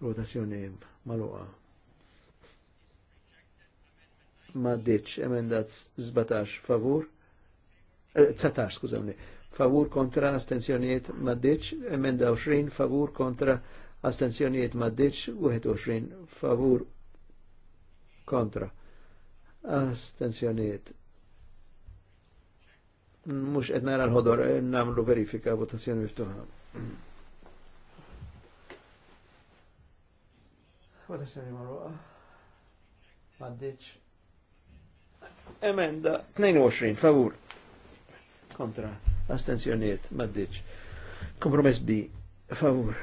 Votazzjoni maluqa. Maddiċ, emendat 17 favur, 19, eh, skużawni, favur kontra astenzjonijiet maddiċ, emenda 20 favur kontra astenzjonijiet maddiċ, 21 favur kontra astenzjoniet mux etna nara l-ħodor namlu verifika votazzjoni miftuħa votazzjoni marruqa maddiċ emenda 22 favur kontra astenzjoniet maddiċ kompromess B favur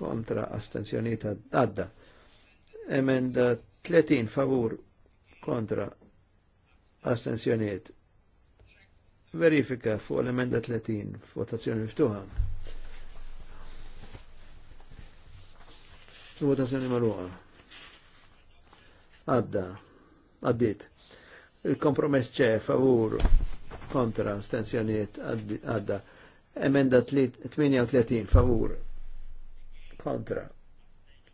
kontra astenzjoniet għadda emenda 30 favur kontra astensjoniet. Verifika fuq l-emenda 30 votazzjoni miftuħa. Votazzjoni marruħa. Għadda, għaddit. Il-kompromess ċe favur kontra astensjoniet għadda. Emenda 38 favur kontra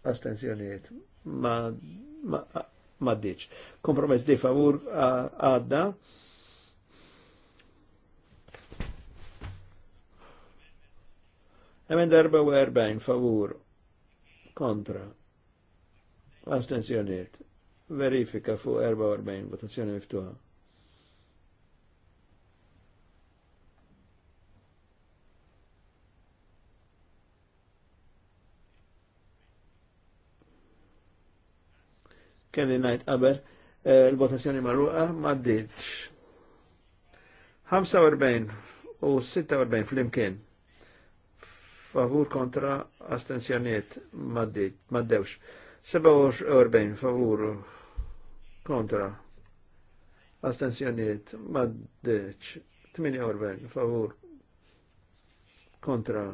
astensjoniet ma maddiċ. Kompromess di favur għadda. u erbajn favur kontra Astenzjoniet. Verifika fuq 44 votazzjoni miftuħa. kelli najt qabel eh, il-votazzjoni marruqa ma ddiċ. 45 u 46 fl-imkien favur kontra astensjoniet ma ddewx. 47 favur kontra astensjoniet ma ddeċ. 48 favur kontra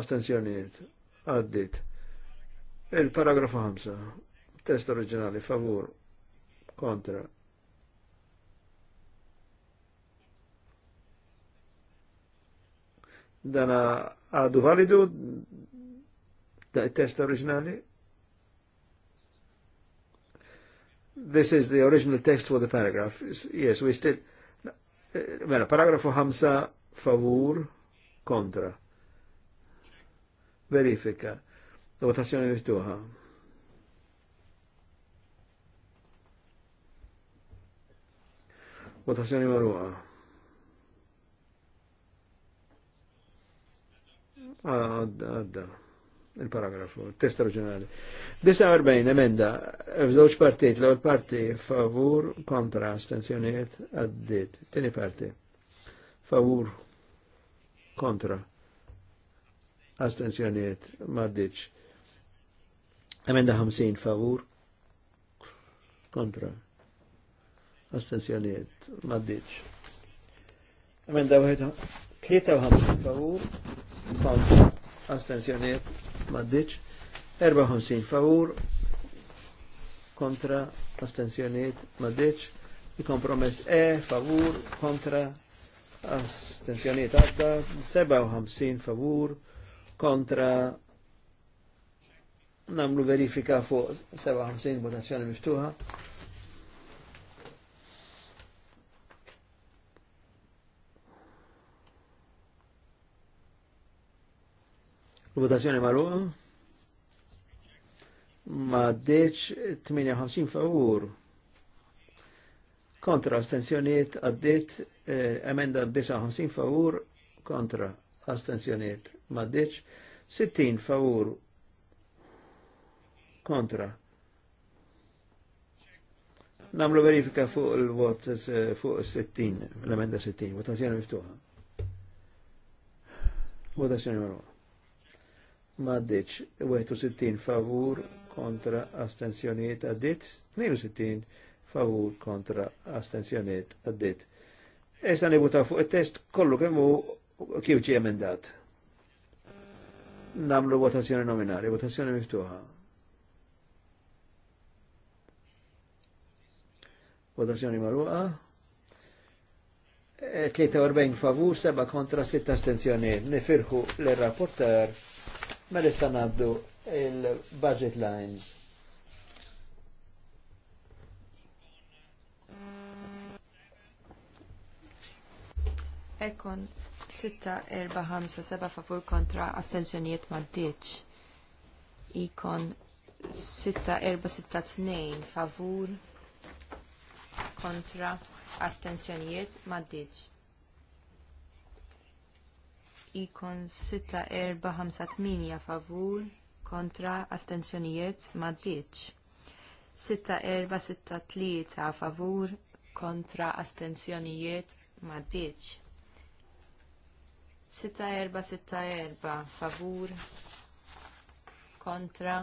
astensjoniet għaddit. Il-paragrafu 5 Test oriġinali favur kontra. Dana għadu validu da test oriġinali? This is the original text for the paragraph. Yes, we still... Mela, paragrafu ħamsa favur kontra. Verifika. Votazzjoni miftuħa. Votazzjoni marruqa. Ah, għadda, il-paragrafu, test oriġinali. 49 emenda, f'żewġ partijt, l-ewwel parti favur kontra astensjonijiet għaddit, tieni parti favur kontra astensjonijiet m'għaddiċ. Emenda 50 favur kontra astensjoniet, maddiċ. Emenda wieħed 53 favur, kontra, astensjoniet, maddiċ. 54 favur, kontra, astensjoniet, maddiċ. Il-kompromess E, favur, kontra, astensjoniet għadda, 57 favur, kontra, namlu verifika fuq 57 votazzjoni miftuħa. Votazzjoni maluqa. Ma deċ 58 favur. Kontra astensjoniet għaddit eh, emenda 59 favur kontra astensjoniet. Ma deċ 60 favur kontra. Namlu verifika fuq il-vot eh, fuq 60, l-emenda 60, votazzjoni miftuħa. Votazzjoni maluqa maddiċ 61 favur kontra astensjoniet għaddit, 62 favur kontra astensjoniet għaddit. Esta nibuta fuq il-test kollu kemmu kif ġie emendat. Namlu votazzjoni nominali, votazzjoni miftuħa. Votazzjoni marruqa. 43 e, favur, 7 kontra 6 astensjoniet. Nifirħu l-rapporter Mela issa naddu il-budget lines. Ekon, sitta erba' 5 7 favur kontra astenzjoniet ma Ikon 6 4 6 favur kontra astenzjonijiet ma ikon 6458 favur kontra astenzjonijiet maddiċ. 6463 favur kontra astenzjonijiet maddiċ. 6464 favur kontra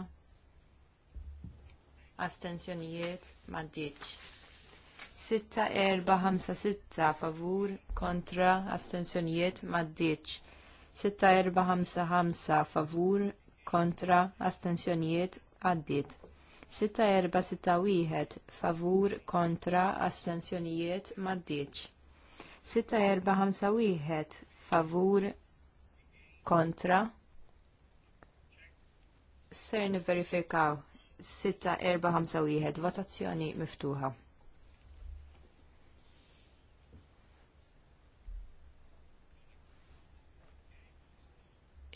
astenzjonijiet maddiċ. 6456 favur kontra astensjonijiet maddiċ. 6455 favur kontra astensjonijiet għaddit. 6461 favur kontra astensjonijiet maddiċ. 6451 favur kontra ser niverifikaw 6451 votazzjoni miftuħa.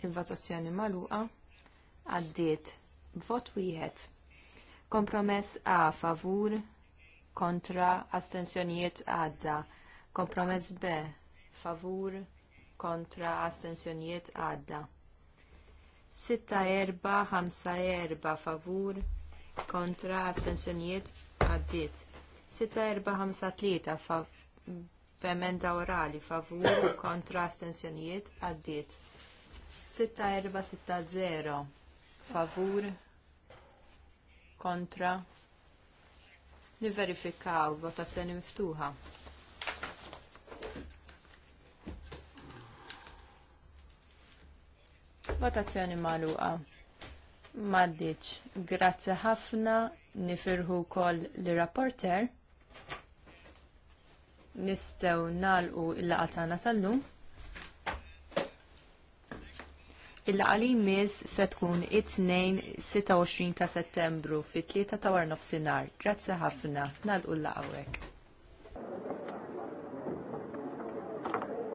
il-votazzjoni magħluqa għaddiet b'vot wieħed. Kompromess A favur kontra astensjonijiet għadda. Kompromess B favur kontra astensjonijiet għadda. 6-4-5-4 favur kontra astensjonijiet għaddiet. 6-4-5-3 fav bemenda orali favur kontra astensjonijiet għaddiet. 6460 favur kontra niverifikaw votazzjoni miftuħa. Votazzjoni maluqa. Maddiċ, grazzi ħafna nifirħu kol li rapporter. Nistew nalqu il-laqatana tal-lum. Il-għali miz se tkun it tnejn 26 ta' settembru fit-3 ta' war Grazzi ħafna, nal-ulla għawek.